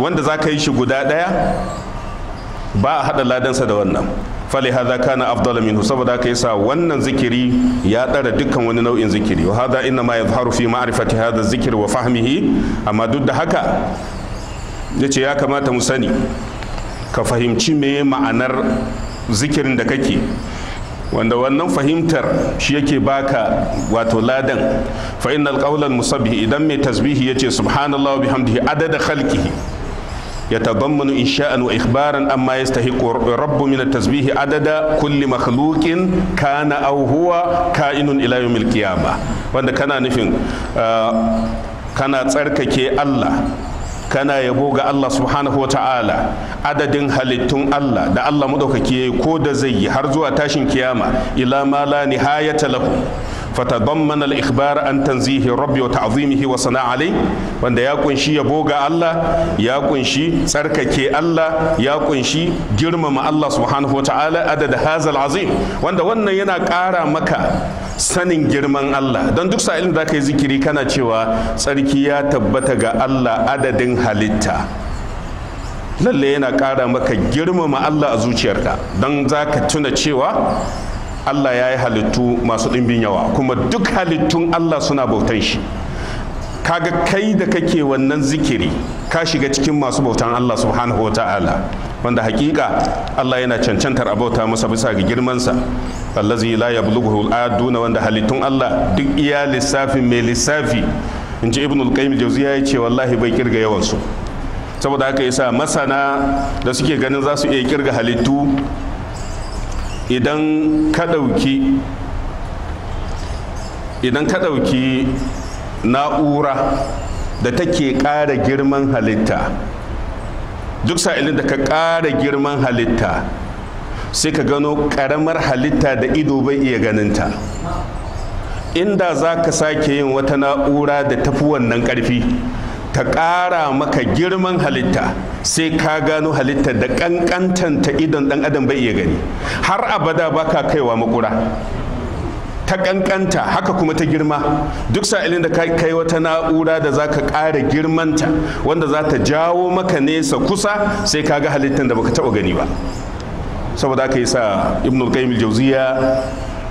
wanda zaka yi shi guda daya ba a hada ladansa da wannan fali hadha kana afdala minhu saboda yi yasa wannan zikiri ya dara dukkan wani nau'in zikiri wa hadha inna ma yadhharu fi ma'rifati hadha zikir wa fahmihi amma duk da haka yace ya kamata mu sani ka fahimci me ma'anar zikirin da kake wanda wannan fahimtar shi yake baka wato ladan fa innal qawla musabbihi idan mai tasbihi yace subhanallahi bihamdihi adada khalqihi يتضمن إنشاء وإخبارا أما يستحق رب من التسبيح عدد كل مخلوق كان أو هو كائن إلى يوم القيامة وأن كان نفين كان تركك الله kana yabo ga Allah subhanahu wa ta'ala adadin halittun Allah da Allah maɗaukaki ya yi ko da zai yi har zuwa tashin kiyama ila ma la nihayata lahu فتضمن الإخبار عن تنزيه الرب وتعظيمه وصنع عليه wanda ya ƙunshi yabo ga Allah ya kunshi tsarkake Allah ya ƙunshi girmama Allah subhanahu wataala hazal azim wanda wannan yana ƙara maka sanin girman Allah Dan duk sa'ilin da ka yi zikiri kana cewa tsarki ya tabbata ga Allah adadin halitta lallai yana ƙara maka girmama Allah a zuciyarka dan za ka tuna cewa Allah ya yi halittu masu ɗimbin yawa kuma duk halittun Allah suna bautan shi kaga kai da kake wannan zikiri ka shiga cikin masu bautan Allah subhanahu wa ta'ala wanda hakika Allah yana cancantar abauta masa bisa ga girmansa allazi la yablughu al-aduna wanda halittun Allah duk iya lissafi mai lissafi in ji ibn al-qayyim jawziya ya ce wallahi bai kirga yawan su saboda haka yasa masana da suke ganin za su iya kirga halittu idan ka ɗauki idan ka ɗauki na'ura da take ƙara girman halitta duk sa'ilin da ka ƙara girman halitta sai ka gano ƙaramar halitta da ido bai iya ganinta inda za ka sake yin wata na'ura da tafi wannan ƙarfi ta ƙara maka girman halitta sai ka gano halitta da ƙanƙantanta idon ɗan adam bai iya gani har abada baka kaiwa makura ta ƙanƙanta haka kuma ta girma duk sa'ilin da ka kai wata na'ura da za ka ƙara girmanta wanda za ta jawo maka nesa kusa sai ka ga halittan da baka taɓa gani ba saboda aka yi sa ibn al jauziya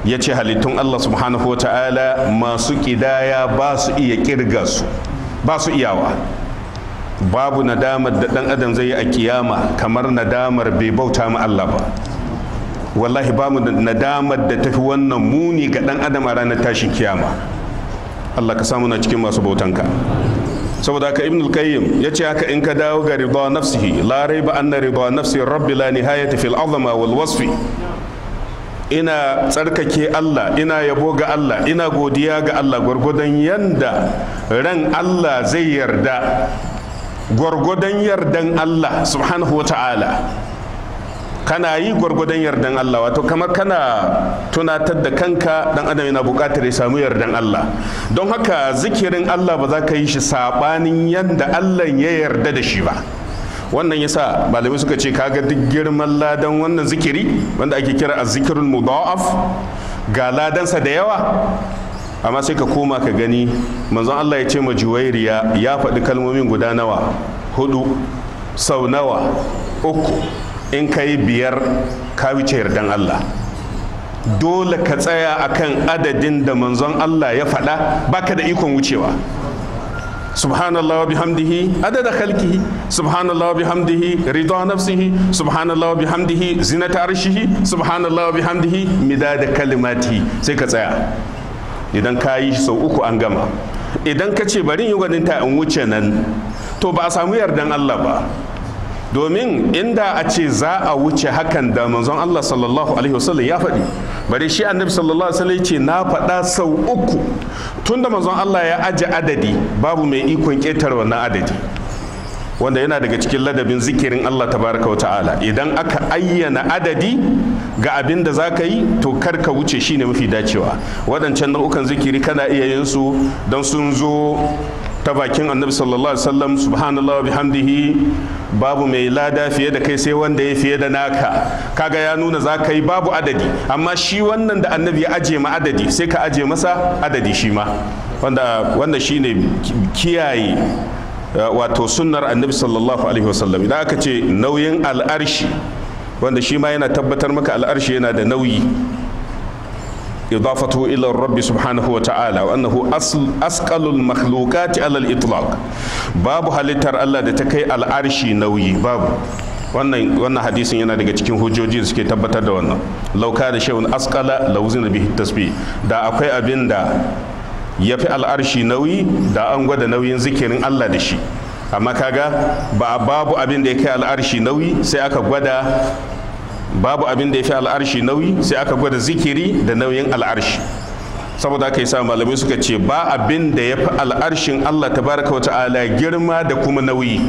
ya ce halittun allah subhanahu wa ta'ala masu ƙidaya ba su iya ƙirga su ba su iyawa babu nadamar da dan adam zai yi a kiyama kamar nadamar bai bauta ma Allah ba wallahi babu nadamar da tafi wannan muni ga dan adam a ranar tashin kiyama Allah ka samu na cikin masu bautanka saboda haka ibnul al-qayyim yace haka in ka dawo ga rida nafsihi la raiba anna rida nafsi rabbi la nihayata fil azama wal wasfi ina tsarkake Allah ina yabo ga Allah ina godiya ga Allah gwargwadon yanda ran Allah zai yarda gwargwadon yardan Allah subhanahu ta'ala kana yi gwargwadon yardan Allah wato kamar kana tunatar da kanka dan adam yana buƙatar ya samu yardan Allah don haka zikirin Allah ba za ka yi shi sabanin yadda Allah ya yarda da shi ba wannan yasa malamai suka ce kaga duk girman ladan wannan zikiri wanda ake kira azzikirul mudha'af ga ladansa da yawa amma sai ka koma ka gani manzon Allah ya ce ma juwairiya ya faɗi kalmomin guda nawa hudu sau nawa uku in ka yi biyar ka wuce yardan Allah dole ka tsaya akan adadin da manzon Allah ya faɗa baka da ikon wucewa سبحان الله وبحمده عدد خلقه سبحان الله وبحمده رضا نفسه سبحان الله وبحمده زينة عرشه سبحان الله وبحمده مداد كلماته سيكا سيا إذن كايش سو yi sau إذن an بارين يوغن انتا أموچنن تو yi gwaninta الله با domin inda a ce za a wuce hakan da manzon Allah sallallahu alaihi wasallam ya faɗi bare shi annabi sallallahu alaihi wasallam ce na faɗa sau uku tunda manzon Allah ya aje adadi babu mai ikon ƙetar wannan adadi wanda yana daga cikin ladabin zikirin Allah tabaraka wa ta'ala idan aka ayyana adadi ga abin da za ka yi to kar ka wuce shine mafi dacewa waɗancan nau'ukan zikiri kana iya yin su don sun zo ta bakin annabi sallallahu alaihi wasallam subhanallah bihamdihi babu mai lada fiye da kai sai wanda ya fiye da naka kaga ya nuna za ka yi babu adadi amma shi wannan da annabi ya aje ma adadi sai ka aje masa adadi shi ma wanda wanda shine kiyaye uh, wato sunnar annabi sallallahu alaihi wasallam idan aka ce nauyin al'arshi wanda shi ma yana tabbatar maka al'arshi yana da nauyi إضافته إلى الرب سبحانه وتعالى وأنه أصل أسقل المخلوقات على الإطلاق باب هل الله دتكي العرش نوي باب wannan wannan hadisin yana daga cikin hujjoji da suke tabbatar da wannan lauka da shehun askala lauzina bihi tasbi. da akwai abin da ya fi al'arshi nauyi da an gwada nauyin zikirin Allah da shi amma kaga ba babu abin da ya kai al'arshi nauyi sai aka gwada babu abin da ya fi al'arshi nauyi sai aka gwada zikiri da nauyin al'arshi saboda aka yi sa malami suka ce ba abin da ya fi al'arshin Allah ta baraka wata ala girma da kuma nauyi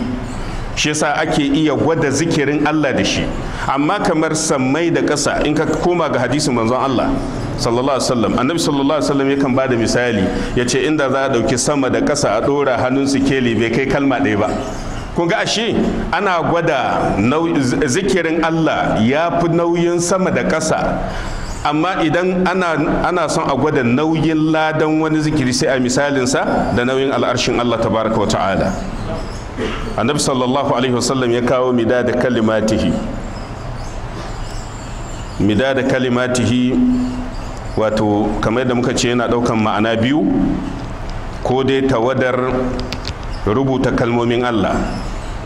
shi sa ake iya gwada zikirin Allah da shi amma kamar samai da ƙasa in ka koma ga hadisin manzon Allah sallallahu alaihi wasallam annabi sallallahu alaihi wasallam yakan bada misali ya ce inda za a ɗauki sama da ƙasa a ɗora hannun su keli bai kai kalma ɗaya ba kun ga ashe ana gwada zikirin Allah ya fi nauyin sama da ƙasa amma idan ana son a gwada nauyin ladan wani zikiri sai a misalinsa da nauyin al'arshin Allah tabaraka wa ta'ala annabi sallallahu alaihi wasallam ya kawo mida da kalimatihi mida da kalimatihi wato kamar da muka ce yana daukan ma'ana biyu ko dai tawadar rubuta kalmomin Allah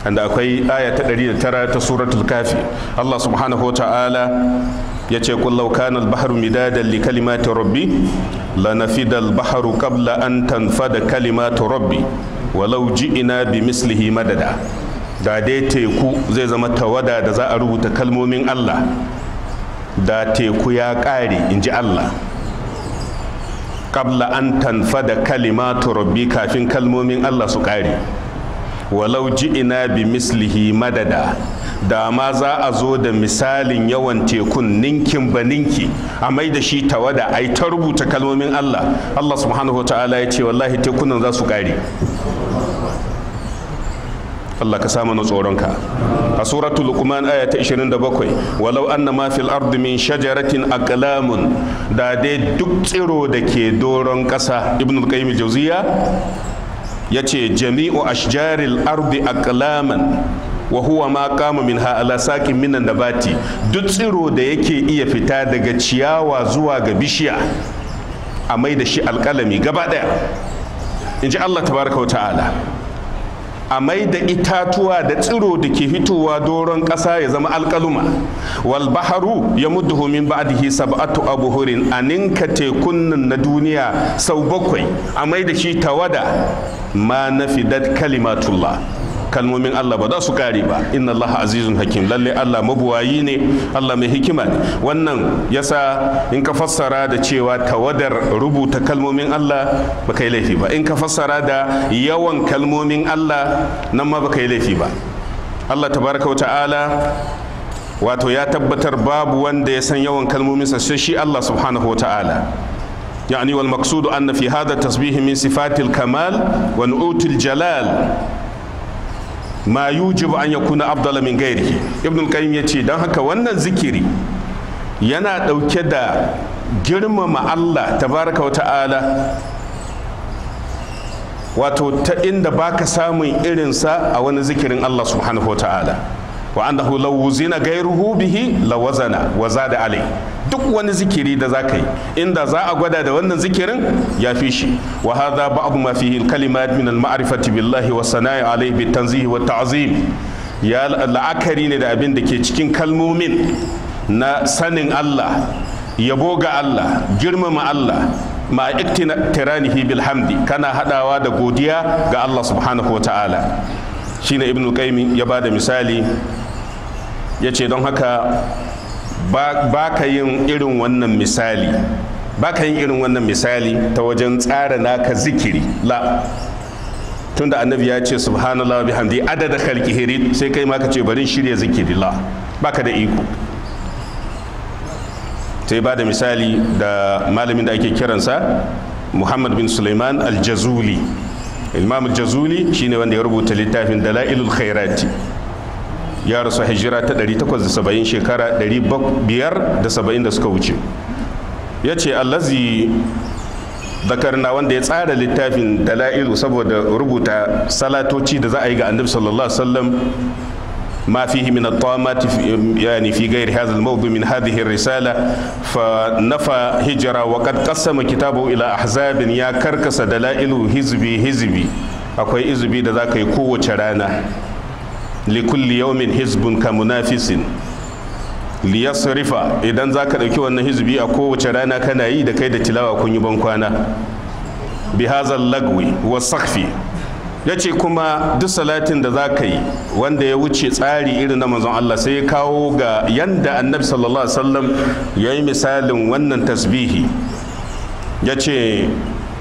da akwai aya ta 109 ta suratul kafi Allah subhanahu wa ta'ala ya ce kullau kana al-bahru midadan li kalimati rabbi lanafida al-bahru qabla an tanfada kalimatu rabbi walau ji'ina bi mislihi madada da dai teku zai zama tawada da za a rubuta kalmomin Allah da teku ya ƙare in ji Allah qabla an tanfada kalimatu rabbi kafin kalmomin Allah su ƙare walau ina bi mislihi madada da ma za a zo da misalin yawan tekun ninkin ba ninki a mai da shi tawada ai ta rubuta kalmomin Allah Allah subhanahu ta'ala ya ce wallahi tekunan za su ƙare Allah ka sa mana tsoronka a suratul luqman aya ta 27 walau anna ma fil ardi min shajaratin aqlamun da dai duk tsiro da ke doron ƙasa ibnu qayyim jawziya ya ce jami'u ashjaril ardi aqlaman wa huwa ma kama min ala sakin minan nabati duk tsiro da yake iya fita daga ciyawa zuwa ga bishiya a mai da shi alkalami gaba daya in ji allah tabaraka wa ta'ala a mai da itatuwa da tsiro da ke fitowa doron ƙasa ya zama alƙaluma wal baharu ya mudduhu min a sab'atu a ninka tekun nan na duniya sau bakwai a mai da shi tawada ma na nafidat kalimatullah kalmomin Allah ba za su kare ba inna Allah azizun hakim lalle Allah mabuwayi ne Allah mai hikima ne wannan yasa in ka fassara da cewa tawadar rubuta kalmomin Allah ba kai laifi ba in ka fassara da yawan kalmomin Allah nan ma ba kai laifi ba Allah tabaraka wa ta'ala wato ya tabbatar babu wanda ya san yawan sa sai shi Allah subhanahu wa ta'ala yani wal maqsudu anna fi haza tasbih min sifatil kamal wa jalal ma yujibu an yakuna afdala min ghairihi ibnul qayyim yace dan haka wannan zikiri yana dauke da girmama Allah tabaraka wa ta'ala wato ta inda baka samun irinsa a wani zikirin Allah subhanahu wa ta'ala wa annahu law wuzina ghayruhu bihi lawazana wa duk wani zikiri da zaka yi inda za a gwada da wannan zikirin ya fi shi wa hadha ba'd ma fihi al-kalimat min al-ma'rifati billahi wa sana'i alaihi bit wa ta'zim ya la'akari ne da abin da ke cikin kalmomin na sanin Allah yabo ga Allah girmama Allah ma iktiranihi bil hamdi kana hadawa da godiya ga Allah subhanahu wa ta'ala shine ibnu qayyim ya bada misali ya ce don haka ba ka yin irin wannan misali ba ka yin irin wannan misali ta wajen tsara naka zikiri la tunda annabi ya ce subhanallah bihamdi adada khalqihi sai kai ma ka ce barin shirya zikiri la baka da iko sai ba da misali da malamin da ake kiransa muhammad bin suleiman aljazuli jazuli imam jazuli shine wanda ya rubuta littafin dalailul khairati ya rasu hijira ta 870 shekara 570 da suka wuce ya ce allazi zakarna wanda ya tsara littafin dala'ilu saboda rubuta salatoci da za a yi ga annabi sallallahu alaihi wasallam ma fi himin al-tawamati yani fi gairi hazal mawdu min hadhihi risala fa nafa hijra wa qad qasama kitabu ila ahzabin ya karkasa dala'ilu hizbi akwai izbi da za ka yi kowace rana likulli yaumin hizbun ka munafisin liyasrifa idan za ka ɗauki wannan hizbi a kowace rana kana yi da kai da tilawa kun yi bankwana bi hazal lagwi sakfi ya ce kuma duk salatin da za ka yi wanda ya wuce tsari irin na manzon Allah sai ya kawo ga yanda annabi sallallahu ya yi misalin wannan tasbihi ya ce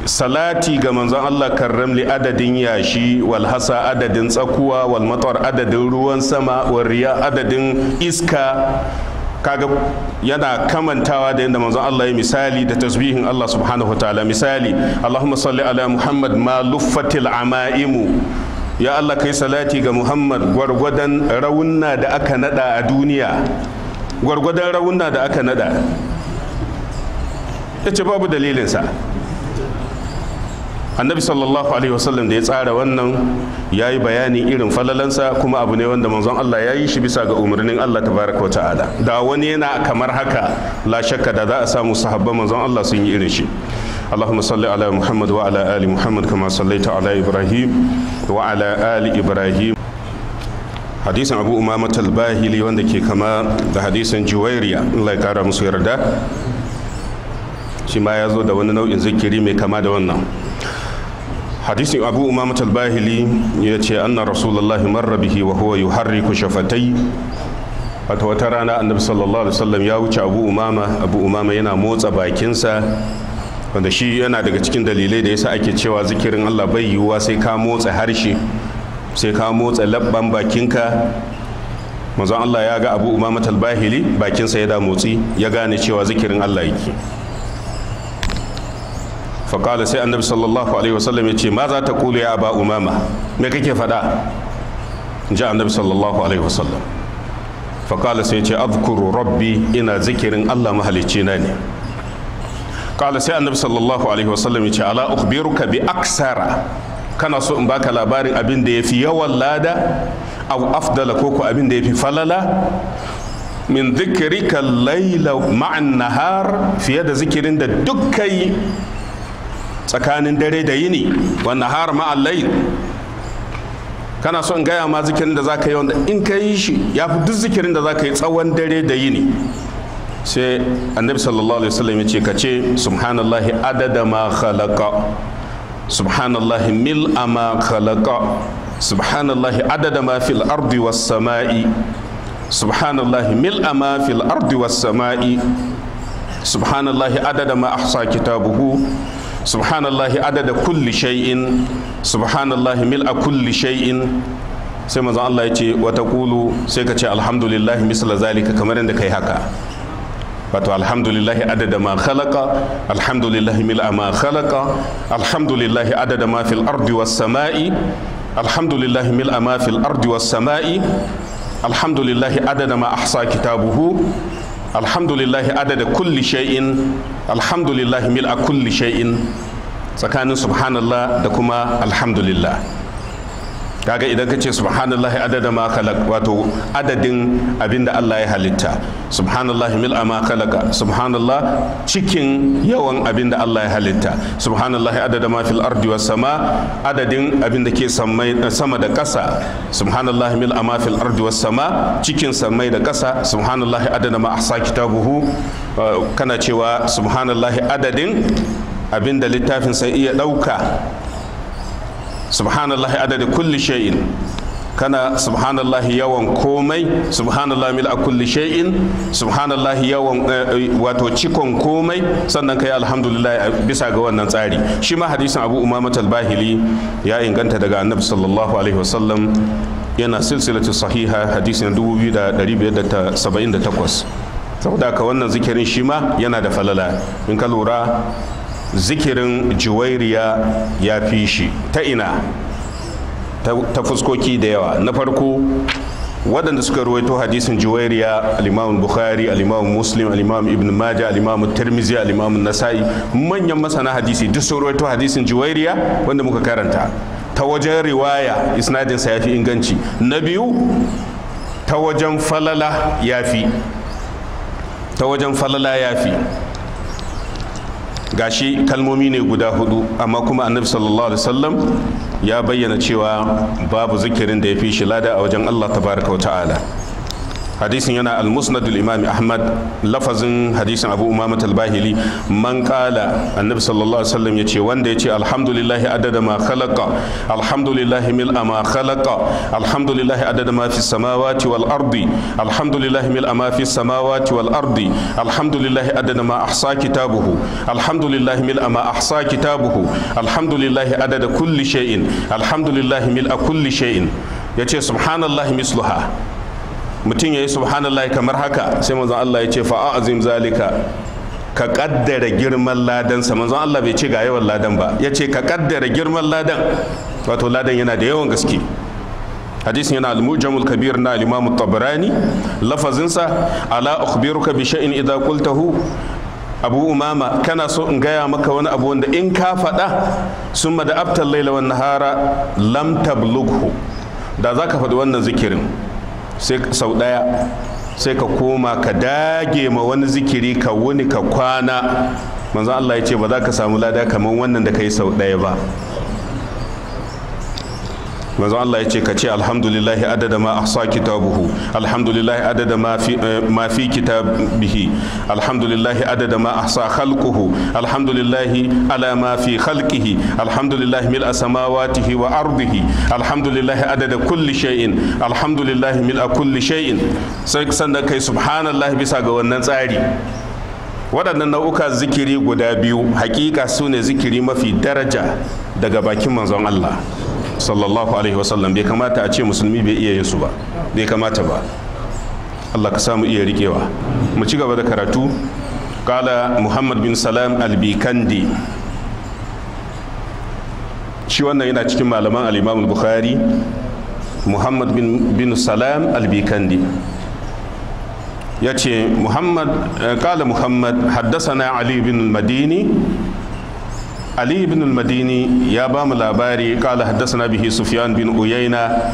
salati ga manzon Allah karram li adadin yashi wal hasa adadin tsakuwa wal matar adadin ruwan sama wal riya adadin iska kaga yana kamantawa da yadda manzon Allah ya misali da tasbihin Allah subhanahu ta'ala misali Allahumma salli ala Muhammad ma luffatil amaimu ya Allah kai salati ga Muhammad gwargwadon raunna da aka nada a duniya gwargwadon raunna da aka nada yace babu dalilinsa annabi sallallahu alaihi wasallam da ya tsara wannan ya yi bayani irin falalansa kuma abu ne wanda manzon Allah ya yi shi bisa ga umarnin Allah tabaraka wa ta'ala da wani yana kamar haka la shakka da za a samu sahabban manzon Allah sun yi irin shi اللهم صل على محمد وعلى آل محمد كما صليت على إبراهيم وعلى Ali Ibrahim. hadisin abu umama talbahili wanda ke kama da hadisin juwairiya Allah ya kara musu yarda shi ma ya zo da wani nau'in zikiri mai kama da wannan hadisin abu yace talbahili ya ce anna rasulullahi marra wa huwa yuharriku shafatai wata wata rana annabi sallallahu alaihi wasallam ya wuce abu umama abu umama yana motsa bakinsa wanda shi yana daga cikin dalilai da yasa ake cewa zikirin Allah bai yiwuwa sai ka motsa harshe sai ka motsa labban bakinka manzon Allah ya ga abu umama talbahili bakinsa ya da motsi ya gane cewa zikirin Allah yake faƙala sai annabi sallallahu alaihi wasallam ya ce ma za ta kula ya aba umama me kake faɗa ji annabi sallallahu alaihi wasallam faƙala sai ya ce azkuru rabbi ina zikirin allah mahalicci na ne ƙala sai annabi sallallahu alaihi wasallam ya ce ala ukhbiruka bi aksara kana so in baka labarin abin da ya fi yawan lada au afdala ko ko abin da ya fi falala min zikirika laila ma'an nahar fiye da zikirin da dukkai tsakanin dare da yini wanda har ma'allai kana son gaya ma zikirin da za ka yi wanda in ka yi shi ya fi duk zikirin da za ka yi tsawon dare da yini sai annabi sallallahu alaihi wasallam ya ce ka ce subhanallahi adada ma khalaqa subhanallahi mil ma khalaqa subhanallahi adada ma fil ardi was sama'i subhanallahi mil ma fil ardi was sama'i subhanallahi adada ma ahsa kitabuhu subhanallahi adada kulli shay'in subhanallahi mil'a kulli shay'in sai manzon Allah ya ce wata kulu sai ka ce alhamdulillahi misla zalika kamar yadda kai haka wato alhamdulillahi adada ma khalaqa alhamdulillahi mil'a ma khalaqa alhamdulillahi adada ma fil ardi was sama'i alhamdulillahi mil'a ma fil ardi was sama'i alhamdulillahi adada ma ahsa kitabuhu alhamdulillahi adada kulli shay'in alhamdulillahi mil'a kulli shay'in tsakanin subhanallah da kuma alhamdulillah kaga idan ka ce subhanallah adada ma khalaq wato adadin abinda Allah ya halitta subhanallahi mil'a ma khalaqa subhanallah cikin yawan abinda Allah ya halitta subhanallah adada ma fil ardi was sama adadin abinda ke eh, sama da ƙasa subhanallah mil ma fil ardi was sama cikin samai da ƙasa subhanallah adada ma ahsa kitabuhu eh, kana cewa subhanallah adadin abinda littafin sai iya ɗauka subhanallahi adada kulli shay'in kana subhanallahi yawan komai subhanallahi mil a kulli shay'in subhanallahi yawan eh, wato cikon komai sannan kai alhamdulillah bisa ga wannan tsari shi ma hadisin abu umama talbahili ya inganta daga annabi sallallahu alaihi wasallam yana silsilatu sahiha hadisin 2578 saboda ka wannan zikirin shi ma yana da falala in ka lura zikirin juwairiya ya fi shi ta ina ta fuskoki da yawa na farko waɗanda suka ruwaito hadisin juwairiya alimamun bukhari alimamun muslim alimamun ibn maja alimamun tirmizi alimamun nasa'i manyan masana hadisi duk sun ruwaito hadisin juwairiya wanda muka karanta ta wajen riwaya isnadinsa ya fi inganci na biyu ta wajen falala ya ta wajen falala ya fi gashi kalmomi ne guda hudu amma kuma annabi sallallahu alaihi wasallam ya bayyana cewa babu zikirin da ya fi shi lada a wajen Allah tabaraka wa ta'ala hadisin yana al-musnadul imami ahmad lafazin hadisin abu umama bahili man kala annabi sallallahu alaihi wasallam yace wanda yace alhamdulillahi adada ma khalaqa alhamdulillahi mil ma khalaqa alhamdulillahi adada ma fi samawati wal ardi alhamdulillahi mil ma fi samawati wal ardi alhamdulillahi adada ma ahsa kitabuhu alhamdulillahi mil ma ahsa kitabuhu alhamdulillahi adada kulli shay'in alhamdulillahi mil kulli shay'in yace subhanallahi misluha mutum ya yi subhanallah kamar haka sai manzon Allah ya ce fa azim zalika ka kaddara girman ladansa manzon Allah bai ce ga yawan ladan ba ya ce ka kaddara girman ladan wato ladan yana da yawan gaske hadisin yana al-mujamul kabir na al-imam tabarani lafazinsa ala ukhbiruka bi shay'in idza qultahu abu umama kana so in gaya maka wani abu wanda in ka faɗa Summa da abtar laila wan nahara lam tablughu da zaka faɗi wannan zikirin sau ɗaya sai ka koma ka dage ma wani zikiri ka wuni ka kwana manzo Allah ya ce ba za ka samu lada kamar wannan da ka yi sau ɗaya ba manzo Allah ya ce ka ce alhamdulillahi adada ma ahsa kitabuhu alhamdulillahi adada ma fi eh, ma fi kitabihi alhamdulillahi adada ma ahsa khalquhu alhamdulillahi ala ma fi khalqihi alhamdulillahi mil samawatihi wa ardihi alhamdulillahi adada kulli shay'in alhamdulillahi mil kulli shay'in sai sannan kai subhanallahi bisa ga wannan tsari waɗannan nau'uka zikiri guda biyu hakika su ne zikiri mafi daraja daga bakin manzon Allah sallallahu alaihi wasallam bai kamata a ce musulmi bai iya yin su ba bai kamata ba Allah ka samu iya rikewa mu ci gaba da karatu kala muhammad bin salam albikandi shi wannan yana cikin malaman al-imam bukhari muhammad bin salam albikandi ya ce muhammad kala eh, muhammad haddasa na ali bin madini Aliyu ibn madini ya bamu labari kala haddasa bihi sufyan bin uyaina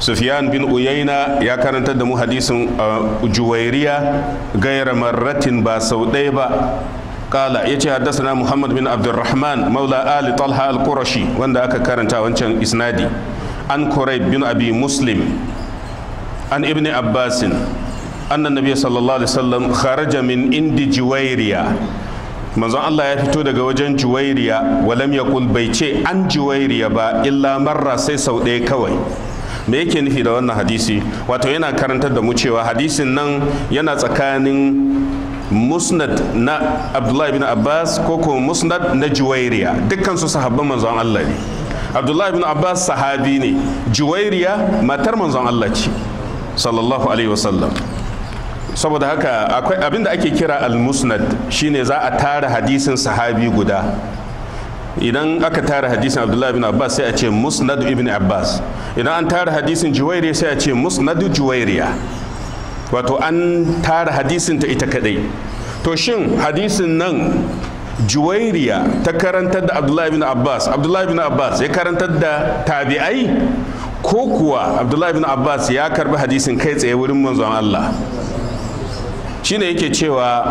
sufyan bin uyaina ya karantar da mu hadisin uh, juwairiya gaira marratin ba sau ɗaya ba kala yace ce haddasa muhammad bin abdurrahman maula ali talha al-qurashi wanda aka karanta wancan isnadi an kurayb bin abi muslim an ibni abbasin annan nabiya sallallahu alaihi wasallam kharaja min indi juwairiya manzon Allah ya fito daga wajen juwairiya walam yaqul bai ce an juwairiya ba illa marra sai sau ɗaya kawai me yake nufi da wannan hadisi wato yana karantar da mu cewa hadisin nan yana tsakanin musnad na abdullahi bin abbas ko ko musnad na juwairiya dukkan su sahabban manzon Allah ne abdullahi bin abbas sahabi ne juwairiya matar manzon Allah ce sallallahu alaihi wasallam saboda haka akwai abinda ake kira al-musnad shine za a tara hadisin sahabi guda idan aka tara hadisin abdullahi bin abbas sai a ce musnadu ibn abbas idan an tara hadisin juwairi sai a ce musnadu juwairiya wato an tara hadisin ta ita kadai to shin hadisin nan juwairiya ta karantar da abdullahi bin abbas abdullahi bin abbas ya karantar da tabi'ai ko kuwa abdullahi bin abbas ya karbi hadisin kai tsaye wurin manzon allah shine yake cewa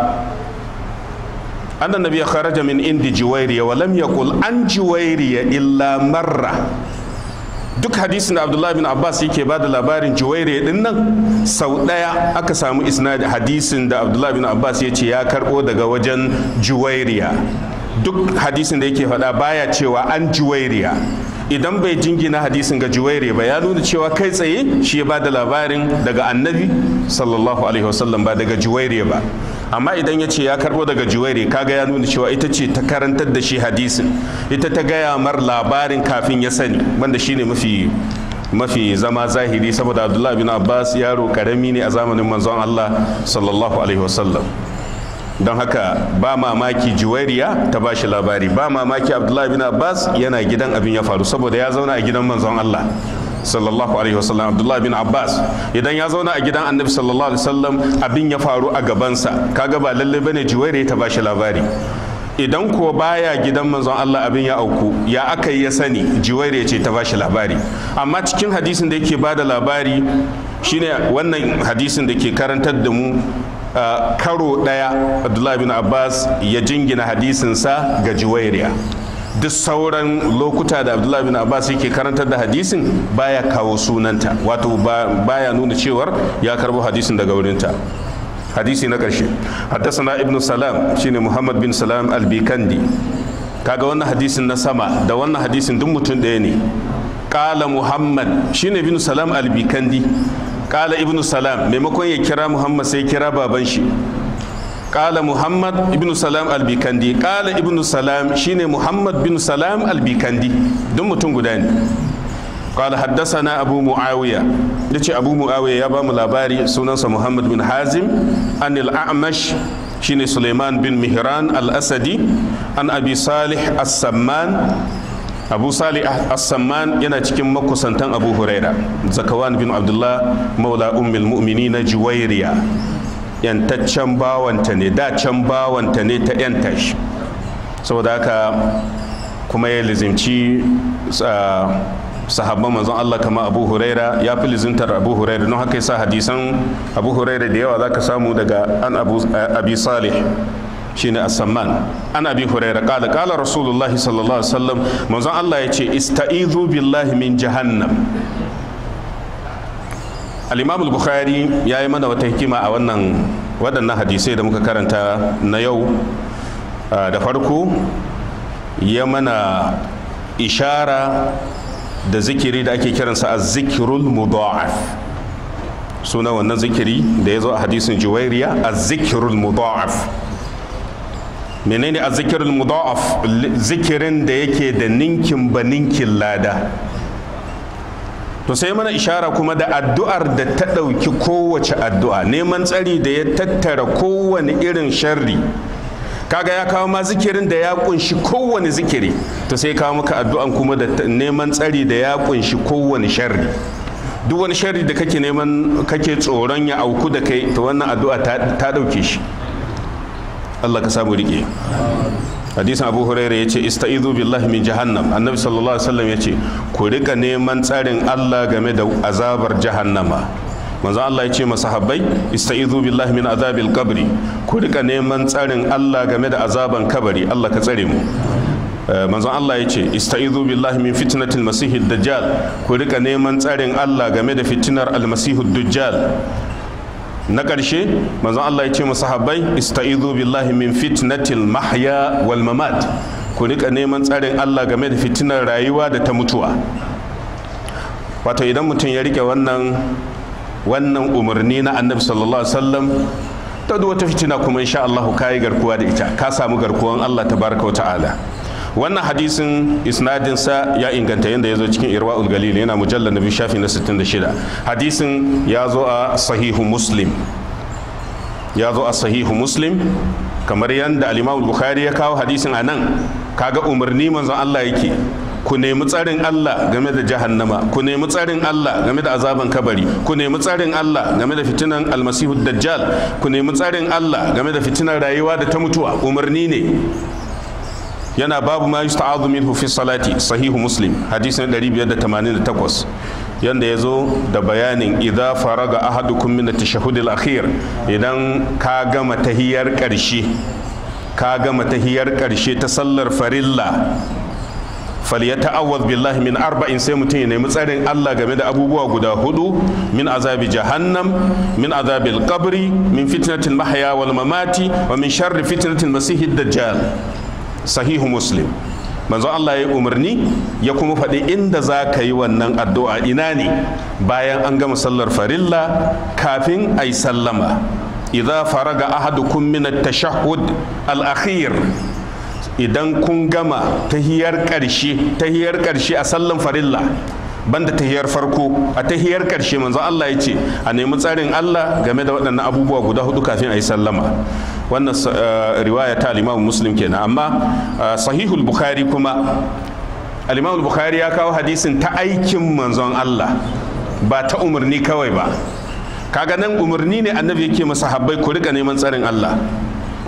annan biya kharaja min indi juwairiya wa lam yaqul an juwairiya illa marra duk hadisin da abdullahi bin abbas yake bada labarin juwairiya din nan sau daya aka samu isnad hadisin da abdullahi bin abbas ya ce ya karbo daga wajen juwairiya duk hadisin da yake faɗa baya cewa an juwairiya idan bai jingina hadisin ga juwairi ba ya nuna cewa kai tsaye shi ya ba da labarin daga annabi sallallahu alaihi wasallam ba daga juwairi ba amma idan ya ce ya karbo daga ka kaga ya nuna cewa ita ce ta karantar da shi hadisin ita ta gaya mar labarin kafin ya sani wanda shine mafi mafi zama zahiri saboda abdullahi bin abbas yaro karami ne a zamanin manzon allah sallallahu alaihi wasallam don haka ba mamaki juwairiya ta ba shi labari ba mamaki abdullahi bin abbas yana gidan abin ya faru saboda ya zauna a gidan manzon allah sallallahu alaihi wasallam Abdullahi bin abbas idan ya zauna a gidan annabi sallallahu alaihi wasallam abin ya faru a gabansa kaga ba lalle bane juwairiya ta ba shi labari idan ko baya gidan manzon Allah abin ya auku ya aka ya sani juwaire ce ta bashi labari amma cikin hadisin da yake bada labari shine wannan hadisin da ke karantar da mu Eh, karo ɗaya abdullahi bin abbas ya jingina hadisinsa ga juwairiya duk sauran lokuta da abdullahi bin abbas yake karantar da hadisin baya kawo sunanta wato baya nuna cewar ya karbo hadisin daga wurinta hadisi na ƙarshe haddasana Ibn salam shine muhammad bin salam albikandi kaga wannan hadisin na sama da wannan hadisin duk mutum ɗaya ne ƙala muhammad shine bin salam albikandi kala ibnu salam maimakon ya kira muhammad sai kira baban shi kala muhammad ibnu salam albikandi kala ibnu salam shine muhammad bin salam albikandi don mutum guda ne قال حدثنا أبو معاوية يتي أبو معاوية يا بام لاباري سننس محمد بن حازم عن الأعمش شين سليمان بن مهران الأسدي عن أبي صالح السمان abu salih as-samman yana cikin makusantan abu huraira zakawan bin abdullah maula ummul na juwairiya yantaccen bawanta ne da can bawanta ne ta yanta shi saboda haka kuma ya lizimci sahabban manzon Allah kama Abu Huraira ya fi lizintar Abu Huraira don haka yasa hadisan Abu Huraira da yawa zaka samu daga an Abu eh, Abi shine as-samman an abi huraira kala kala rasulullahi sallallahu alaihi wasallam manzon Allah ya ce istaizu billahi min jahannam al-imam al-bukhari mana wata hikima a wannan waɗannan hadisai da muka karanta na yau da farko ya mana ishara da zikiri da ake kiransa az-zikrul muduaf. suna wannan zikiri da ya zo a hadisin juwairiya az-zikrul muduaf. menene a zikirin mudaf zikirin da yake da ninkin ba ninkin lada to sai mana ishara kuma da addu'ar da ta ɗauki kowace addu'a neman tsari da ya tattara kowane irin sharri kaga ya kawo ma zikirin da ya kunshi kowane zikiri to sai kawo maka addu'an kuma da neman tsari da ya kunshi kowane sharri duk wani sharri da kake tsoron ya auku da kai to wannan addu'a ta ɗauke shi Allah ka samu rike hadisin abu huraira ya ce ista'izu billahi min jahannam annabi sallallahu alaihi wasallam ya ce ku rika neman tsarin Allah game da azabar jahannama manzo Allah ya ce masahabbai ista'izu billahi min azabil qabri ku rika neman tsarin Allah game da azaban kabari Allah ka tsare mu eh, manzon Allah ya ce ista'izu billahi min fitnatil masihid dajjal ku rika neman tsarin Allah game da fitinar almasihud dajjal na ƙarshe manzon Allah ya ce mu sahabbai ista'izu billahi min fitnatil mahya wal mamat ku rika neman tsarin Allah game da fitinar rayuwa da ta mutuwa wato idan mutum ya rike wannan wannan umarni na annabi sallallahu alaihi wasallam ta wata fitina kuma insha Allah kai garkuwa da ita ka samu garkuwan Allah tabaraka wa ta'ala wannan hadisin isnadinsa ya inganta yadda ya zo cikin irwa galil yana mujallar nabi shafi na 66 hadisin ya zo a sahihu muslim ya zo a sahihu muslim kamar yadda alimamul bukhari ya kawo hadisin a nan kaga umarni manzon allah yake ku nemi tsarin Allah game da jahannama ku nemi tsarin Allah game da azaban kabari ku nemi tsarin Allah game da fitinan almasihu dajjal ku nemi tsarin Allah game da fitinan rayuwa da ta mutuwa umarni ne yana babu ma yusta'adhu minhu fi salati sahihu muslim hadisin 588 yanda ya zo da bayanin fara faraga ahadukum min tashahudil tashahhudil akhir idan ka gama tahiyar karshe ka gama tahiyar karshe ta sallar farilla falyata'awwadh billahi min arba'in sai mutum ya nemi tsarin Allah game da abubuwa guda hudu min azabi jahannam min azabil qabri min fitnatil mahya wal mamati wa min sharri fitnatil masihid dajjal sahihu muslim manzo Allah ya umarni ya kuma faɗi inda za ka yi wannan addu'a ina ne bayan an gama sallar farilla kafin a yi sallama idan faraga ahadukum min at-tashahhud al-akhir idan kun gama ta hiyar tahiyar ƙarshe a sallan farilla banda tahiyar farko a tahiyar karshe manzo Allah ya ce a nemi tsarin Allah game da waɗannan abubuwa guda hudu kafin a yi sallama wannan eh, riwaya ta al-Imam Muslim kenan amma eh, sahihul Bukhari kuma al-Imam Bukhari ya kawo hadisin ta aikin manzon Allah ba ta umarni kawai ba kaga nan umarni ne annabi yake masa habbai ku rika neman tsarin Allah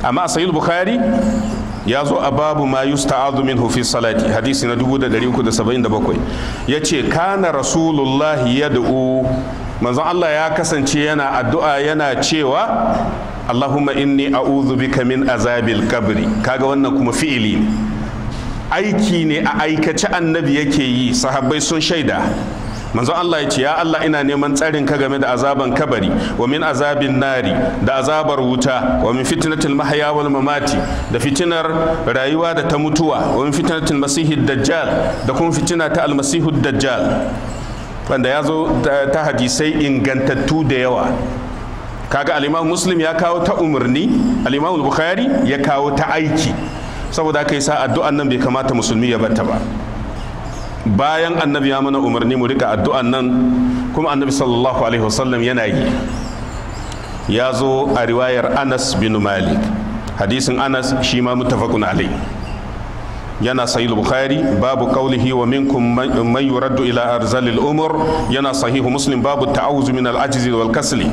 amma sahihul Bukhari ya zo a babu ma yusta'adhu minhu fi salati hadisi na 377 yace kana rasulullahi da'u. manzon Allah ya kasance yana addu'a yana cewa Allahumma inni a'udhu bika min azabil kabri kaga wannan kuma fi'ili aiki ne a aikace annabi yake yi sahabbai sun shaida manzon Allah ya ce ya Allah ina neman tsarin ka game da azaban kabari wa min azabin nari da azabar wuta wa min fitnatil mahya wal mamati da fitinar rayuwa da ta mutuwa wa min fitnatil masihid dajjal da kuma fitina ta almasihud dajjal wanda ya zo ta hadisai ingantattu da yawa kaga alimamu muslim ya kawo ta umarni alimamu bukhari ya kawo ta aiki saboda haka sa addu'an nan bai kamata musulmi ya batta ba bayan annabi ya mana umarni mu rika addu'an nan kuma annabi sallallahu alaihi wasallam yana yi ya zo a riwayar anas bin malik hadisin anas shi ma mutafakun alai yana sahih bukhari babu qaulihi wa minkum man yuraddu ila arzalil umur yana sahihu muslim babu ta'awuz min al-ajzi wal kasli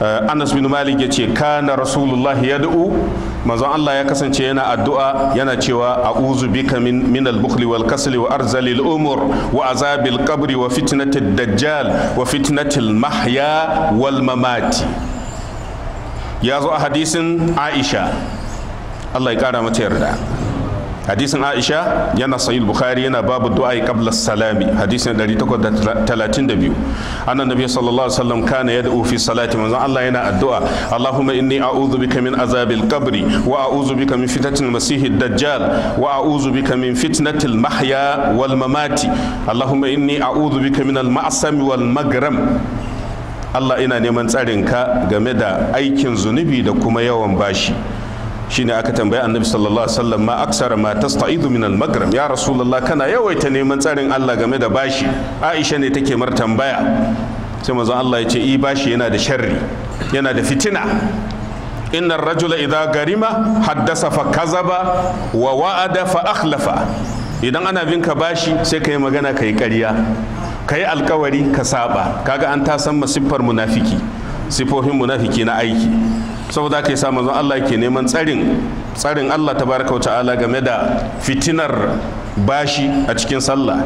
Eh, anas bin malik ya ce kana rasulullahi ya da'u manzon allah ya kasance yana addu'a yana cewa a'uzu bika min al-bukhli wal kasli wa arzalil umur wa azabil qabri wa fitnati dajjal wa fitnatil mahya wal mamati ya zo a hadisin aisha allah ya kara mata yarda hadisin aisha yana sahih bukhari yana babu du'a qabla salami hadisin 832 annan nabi sallallahu alaihi wasallam kana yad'u fi salati manzo Allah yana addu'a Allahumma inni a'udhu bika min azabil qabri wa a'udhu bika min fitnatil masihid dajjal wa a'udhu bika min fitnatil mahya wal mamati Allahumma inni a'udhu bika min al ma'sam wal magram Allah ina neman tsarinka game da aikin zunubi da kuma yawan bashi shine aka tambayi annabi sallallahu alaihi wasallam ma aksara ma tasta'idu min al-magram ya rasulullah kana yawaita neman tsarin Allah game da bashi Aisha ne take mar tambaya sai manzon Allah ya ce i bashi yana da sharri yana da fitina inna rajula idza garima haddasa fa kazaba wa wa'ada fa akhlafa idan ana bin ka bashi sai ka yi magana ka yi ƙarya ka yi alkawari ka saba kaga an ta san masiffar munafiki sifofin munafiki na aiki saboda ka yi sa manzon Allah ke neman tsarin tsarin Allah tabaraka wa ta'ala game da fitinar bashi a cikin sallah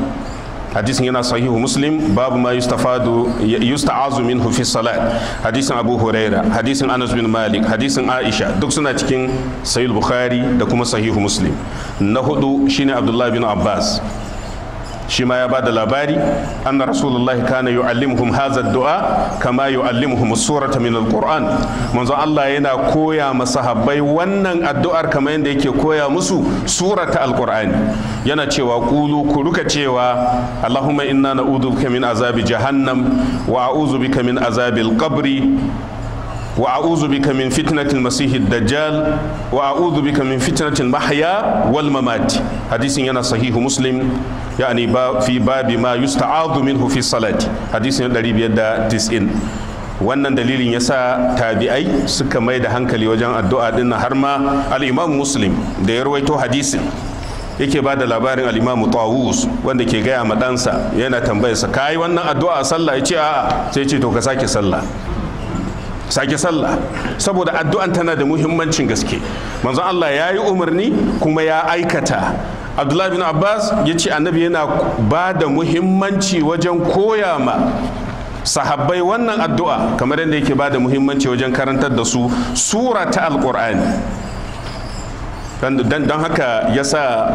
hadisin yana sahihu muslim babu ma yustafadu yusta'azu minhu fi salat hadisin abu huraira hadisin anas bin malik hadisin aisha duk suna cikin sahih bukhari da kuma sahihu muslim na hudu shine abdullahi bin abbas shi ma ya bada labari an rasulullahi kana yu'allimuhum hadha du'a kama yu'allimuhum surata min alquran manzo Allah yana koya masahabbai wannan addu'ar kamar yadda yake koya musu surata alqurani yana cewa qulu ku ruka cewa allahumma inna na'udhu bika min azabi jahannam wa a'udhu bika min azabil qabri wa a'udhu bika min fitnatil masihid dajjal wa mahya wal mamat hadisin yana sahihu muslim yani ba fi babi ma yusta'adhu minhu fi salati hadisin 590 wannan dalilin ya sa tabi'ai suka mai da hankali wajen addu'a din har ma al'imam muslim da ya rawaito hadisin yake ba da labarin al'imam tawus wanda ke gaya ma ɗansa yana tambayarsa kayi wannan addu'a sallah ya ce a'a sai ya ce to ka sake sallah sake sallah saboda addu'an tana da muhimmancin gaske manzon Allah ya yi umarni kuma ya aikata abdullahi bin abbas ya ce annabi yana ba da muhimmanci wajen koya ma sahabbai wannan addu'a kamar yadda yake ba da muhimmanci wajen karantar da su sura ta alƙur'ani don haka ya sa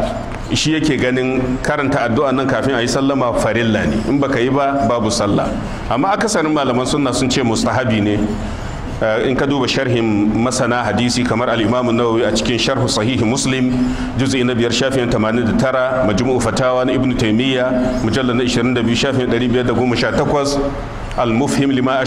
shi yake ganin karanta addu'a nan kafin a yi sallama farilla ne in baka yi ba babu sallah amma akasarin malaman sunna sun ce mustahabi ne eh, in ka duba sharhin masana hadisi kamar al-imam nawawi a cikin sharhu sahihi muslim juz'i na biyar shafin 89 majmu'u fatawa na ibnu taymiya mujallal na 22 shafin 518 al-mufhim lima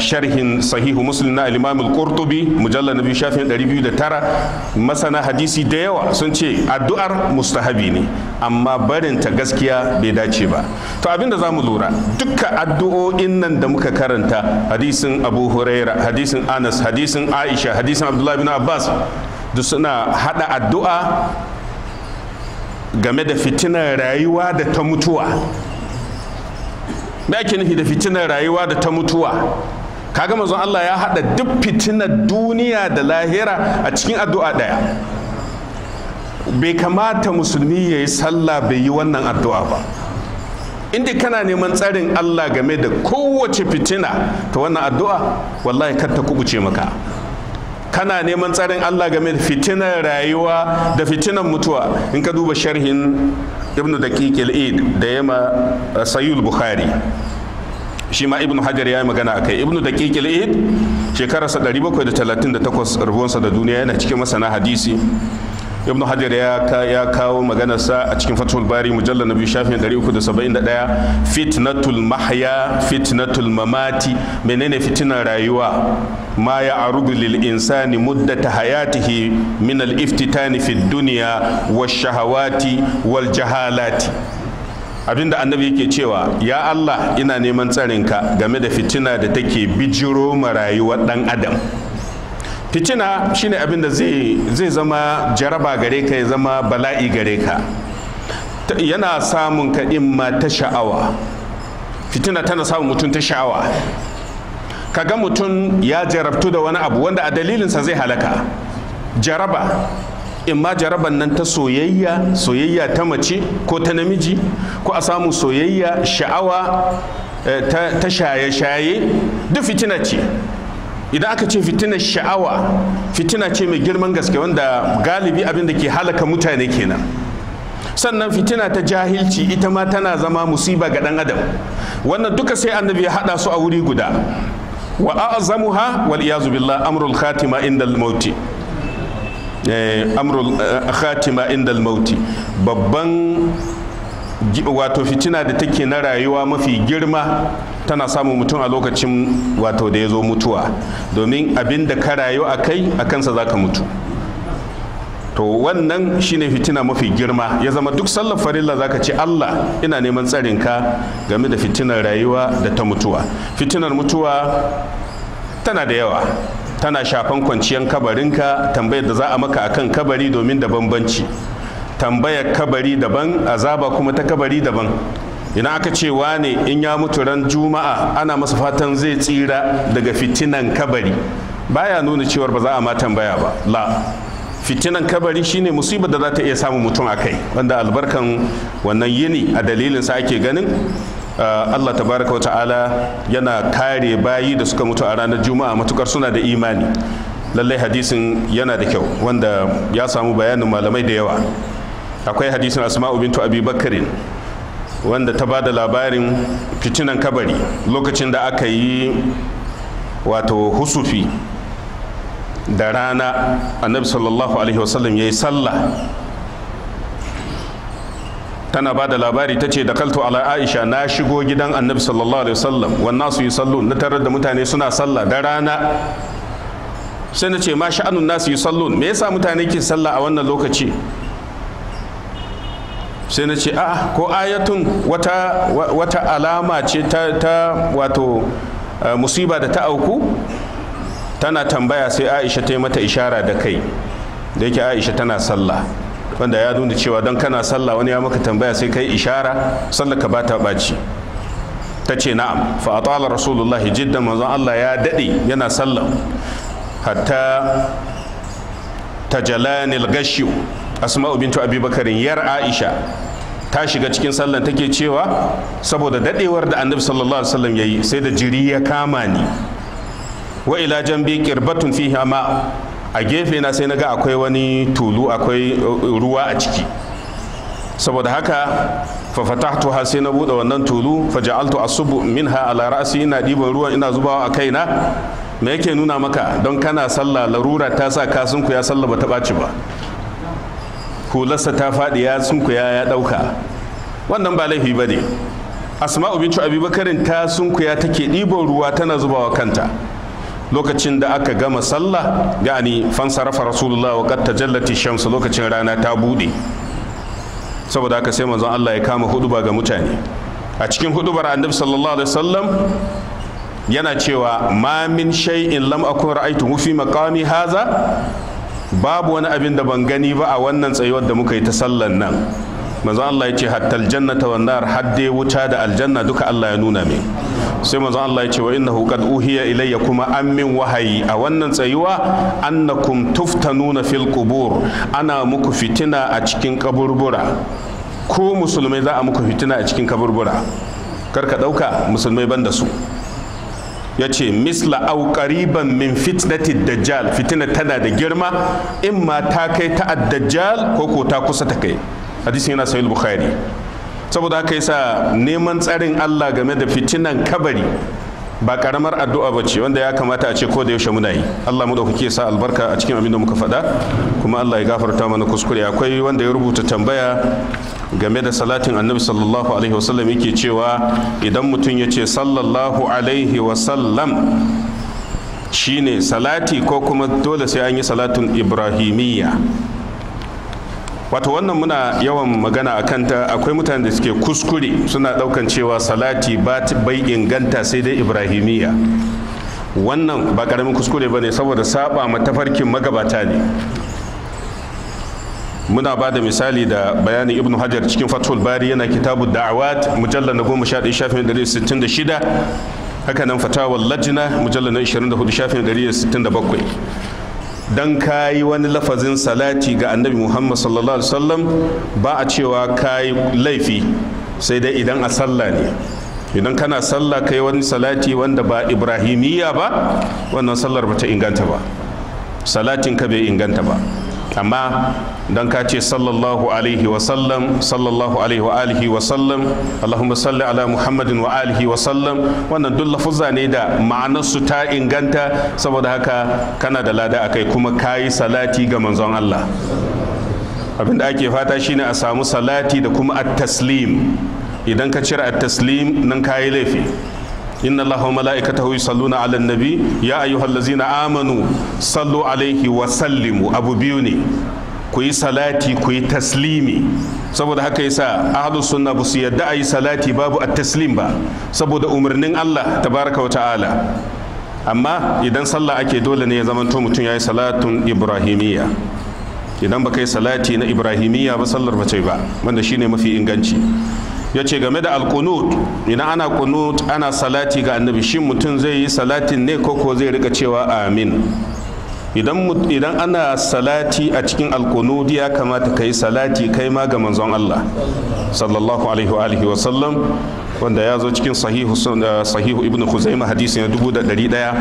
sharhin sahihu muslim na al mujallar al-qurtubi mujallal nabi shafin 209 masana hadisi da yawa sun ce addu'ar mustahabi ne amma barinta gaskiya bai dace ba to abinda zamu lura dukka addu'o'in nan da muka karanta hadisin abu huraira hadisin anas hadisin aisha hadisin abdullahi bin abbas duk suna haɗa addu'a game da fitinar rayuwa da ta mutuwa me ake nufi da fitinar rayuwa da ta mutuwa kaga manzon Allah ya hada duk fitinar duniya da lahira a cikin addu'a daya bai kamata musulmi ya yi sallah bai yi wannan addu'a ba inda kana neman tsarin Allah game da kowace fitina ta wannan addu'a wallahi kar ta kubuce maka kana neman tsarin Allah game da fitinar rayuwa da fitinar mutuwa in ka duba sharhin ibn daqiq al-id da yama eh, sayul bukhari shi ma ibn hajar ya yi magana a kai ibn da kikil id shekararsa 738 rubuwansa da duniya yana cikin masana hadisi ibnu hajar ya kawo maganarsa a cikin fatul bari mujallar na biyu shafin 371 fitnatul mahya fitnatul mamati menene fitinar rayuwa ma ya arudu lil insani muddata hayatihi min al iftitani fi dunya wash shahawati wal jahalati abinda annabi yake cewa ya Allah ina neman tsarinka game da fitina da take bijiro ma rayuwar dan adam fitina shine abin da zai zama jaraba gare ka ya zama bala'i gare ka yana samun ka ma ta sha'awa fitina tana samun mutum ta sha'awa kaga mutum ya jarabtu da wani abu wanda a dalilinsa zai halaka jaraba imma jaraban nan ta soyayya soyayya ta mace ko ta namiji ko a samun soyayya sha'awa eh, ta shaye-shaye duk fitina ce idan aka ce fitinar sha'awa fitina ce mai girman gaske wanda galibi abin da ke halaka mutane kenan sannan fitina ta jahilci ita ma tana zama musiba ga dan adam wannan duka sai annabi ya hada su a wuri guda wa a'zamuha wal iyazu billah amrul khatima indal mauti eh, amrul eh, khatima indal mauti babban wato fitina da take na rayuwa mafi girma tana samun mutum a lokacin wato da ya zo mutuwa domin abin da ka rayu a kai a kansa za ka mutu to wannan shine fitina mafi girma ya zama duk sallar farilla za ka ce Allah ina neman tsarin ka game da fitinar rayuwa da ta mutuwa fitinar mutuwa tana da yawa tana shafan kwanciyar kabarinka tambayar da za a maka akan kabari domin da bambanci tambayar kabari daban azaba kuma ta kabari daban ina aka ce ne in ya mutu ran juma'a ana masa fatan zai tsira daga fitinan kabari baya nuna cewar ba za a ma tambaya ba la fitinan kabari shine musibar da za ta iya samun mutum a kai wanda albarkan wannan yini a dalilin sa ake ganin uh, Allah tabaraka wa ta'ala yana kare bayi da suka mutu a ranar juma'a matukar suna da imani lallai hadisin yana da kyau wanda ya samu bayanin malamai da yawa akwai hadisin asma'u bintu abi bakarin wanda ta ba da labarin fitinan kabari lokacin da aka yi wato husufi da rana annabi sallallahu alaihi wasallam ya yi sallah tana ba da labari ta ce da kaltu ala aisha na shigo gidan annabi sallallahu alaihi wasallam wannan su yi sallu na tarar da mutane suna sallah da rana sai na ce ma sha'anun nasu yi sallu me yasa mutane ke sallah a wannan lokaci sai na ce a'a ko ayatun wata wata alama ce ta ta wato eh, musiba da ta auku tana tambaya sai aisha ta yi mata ishara da kai da yake aisha tana sallah wanda ya nuna cewa don kana sallah wani ya maka tambaya sai yi ishara sallah ka bata baci ta ce na'am fa atala rasulullah jiddan manzon Allah ya daɗe yana sallah hatta tajalanil gashiyu asma'u bintu abubakarin yar aisha ta shiga cikin sallan take cewa saboda dadewar da annabi sallallahu alaihi wasallam yayi sai da jiri ya kama ni wa ila janbi qirbatun fiha ma a gefe na sai naga akwai wani tulu akwai uh, ruwa a ciki saboda haka fa ha sai na bude wannan tulu fa ja'altu asubu minha ala ra'si ina diban ruwan ina zubawa a kaina me yake nuna maka don kana sallah larura ta sa kasunku ya sallah ba ta baci ba hularsa ta faɗi ya sunkuya ya ɗauka wannan ba laifi ba ne asma'u bintu abubakarin ta sunkuya take ɗiban ruwa tana zubawa kanta lokacin da aka gama sallah yani fansarafa rasulullah wa ta jallati shamsu lokacin rana ta bude saboda haka sai manzon Allah ya kama huduba ga mutane a cikin hudubar annabi sallallahu alaihi wasallam yana cewa ma min shay'in lam akun ra'aytuhu fi maqami haza babu wani abin da ban gani ba a wannan tsayuwar da muka yi ta sallan nan manzo Allah ya ce aljanna ta wanda har hadde wuta da aljanna duka Allah ya nuna mai sai manzo Allah ya ce wa innahu qad uhiya ilayya kuma an min wahayi a wannan tsayuwa annakum tuftanuna nuna filkubur ana muku fitina a cikin kaburbura ko musulmai za a muku fitina a cikin kaburbura karka dauka musulmai banda su ya ce misla au qariban min fitnati dajjal fitina tana da girma in ma ta kai ta dajjal ko ko ta kusa ta kai hadisin yana sahih bukhari saboda haka yasa neman tsarin Allah game da fitinan kabari ba karamar addu'a ba ce wanda ya kamata a ce ko da yaushe muna yi Allah mu dauke sa albarka a cikin abin da muka faɗa kuma Allah ya gafarta mana kuskure akwai wanda ya rubuta tambaya game da salatin annabi sallallahu alaihi wasallam yake cewa idan mutum ya ce sallallahu alaihi wasallam shine salati ko kuma dole sai an yi salatin ibrahimiyya wato wannan muna yawan magana a kanta akwai mutane da suke kuskure suna daukan cewa salati ba bai inganta sai dai ibrahimiyya wannan ba karamin kuskure ba ne saboda saba matafarkin magabata ne muna ba da misali da bayanin ibn hajar cikin fatul bari yana kitabu da'awat mujallar na goma sha shafin sittin da shida haka nan fatawar lajina mujallar na ishirin da hudu shafin sittin da bakwai don ka yi wani lafazin salati ga annabi muhammad sallallahu alaihi wasallam ba a cewa ka yi laifi sai dai idan a sallah ne idan kana sallah kai wani salati wanda ba ibrahimiyya ba wannan sallar ba ta inganta ba salatin ka bai inganta ba amma don ka ce sallallahu alaihi wa sallam sallallahu alaihi wa alihi sallam allahumma salli ala muhammadin wa alihi sallam wannan duk lafuzza ne da ma'anarsu ta inganta saboda haka kana da lada akai kuma kayi salati ga manzon Allah abinda ake fata shine a samu salati da kuma at-taslim idan ka cire at-taslim nan kayi laifi inna allaha wa mala'ikatahu yusalluna 'alan nabi ya ayyuhallazina amanu sallu alaihi wa sallimu abu biyu ne ku yi salati kuyi taslimi saboda haka yasa ahlus sunna ba su yadda a yi salati babu at-taslim ba saboda umarnin Allah tabaraka wa ta'ala amma idan sallah ake dole ne ya zamanto mutum ya yi salatun ibrahimiyya idan baka yi salati na ibrahimiyya ba sallar ba ce ba wanda shine mafi inganci ya ce game da alkunut idan ana kunut ana salati ga annabi shin mutum zai yi salatin ne koko zai rika cewa amin idan ana salati a cikin alkunut ya kamata ka yi salati kai ma ga manzon Allah sallallahu alaihi wa alihi wa sallam wanda ya zo cikin sahihu eh, sahihu ibnu khuzaima hadisi na 1100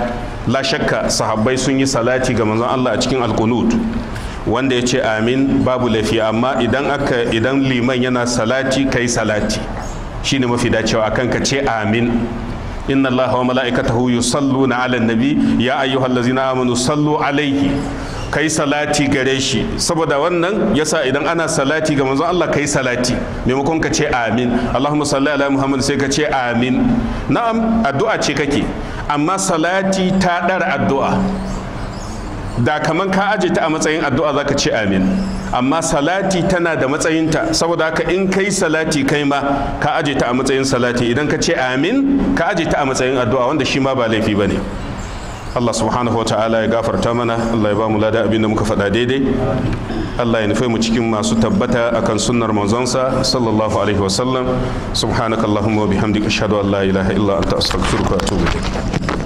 la shakka sahabbai sun yi salati ga manzon Allah a cikin alkunut wanda ya ce amin babu laifi amma idan aka idan liman yana salati kai salati shine mafi dacewa akan ka ce amin inna allaha wa mala'ikatahu yusalluna 'alan nabi ya ayyuhallazina amanu sallu alaihi kai salati gare shi saboda wannan yasa idan ana salati ga manzon Allah kai salati maimakon ka ce amin Allahumma salli ala Muhammad sai ka ce amin na'am addu'a ce kake amma salati ta dar addu'a da kaman ka aje ta a matsayin addu'a zaka ce amin amma salati tana da matsayinta saboda haka in kai salati kai ma ka aje ta a matsayin salati idan ka ce amin ka aje ta a matsayin addu'a wanda shi ma ba laifi bane Allah subhanahu ta'ala ya gafarta mana Allah ya ba mu lada abin da muka faɗa daidai Allah ya nufe mu cikin masu tabbata akan sunnar manzonsa sallallahu alaihi wasallam subhanakallahumma wa bihamdika ashhadu an la ilaha illa anta astaghfiruka wa atubu ilaik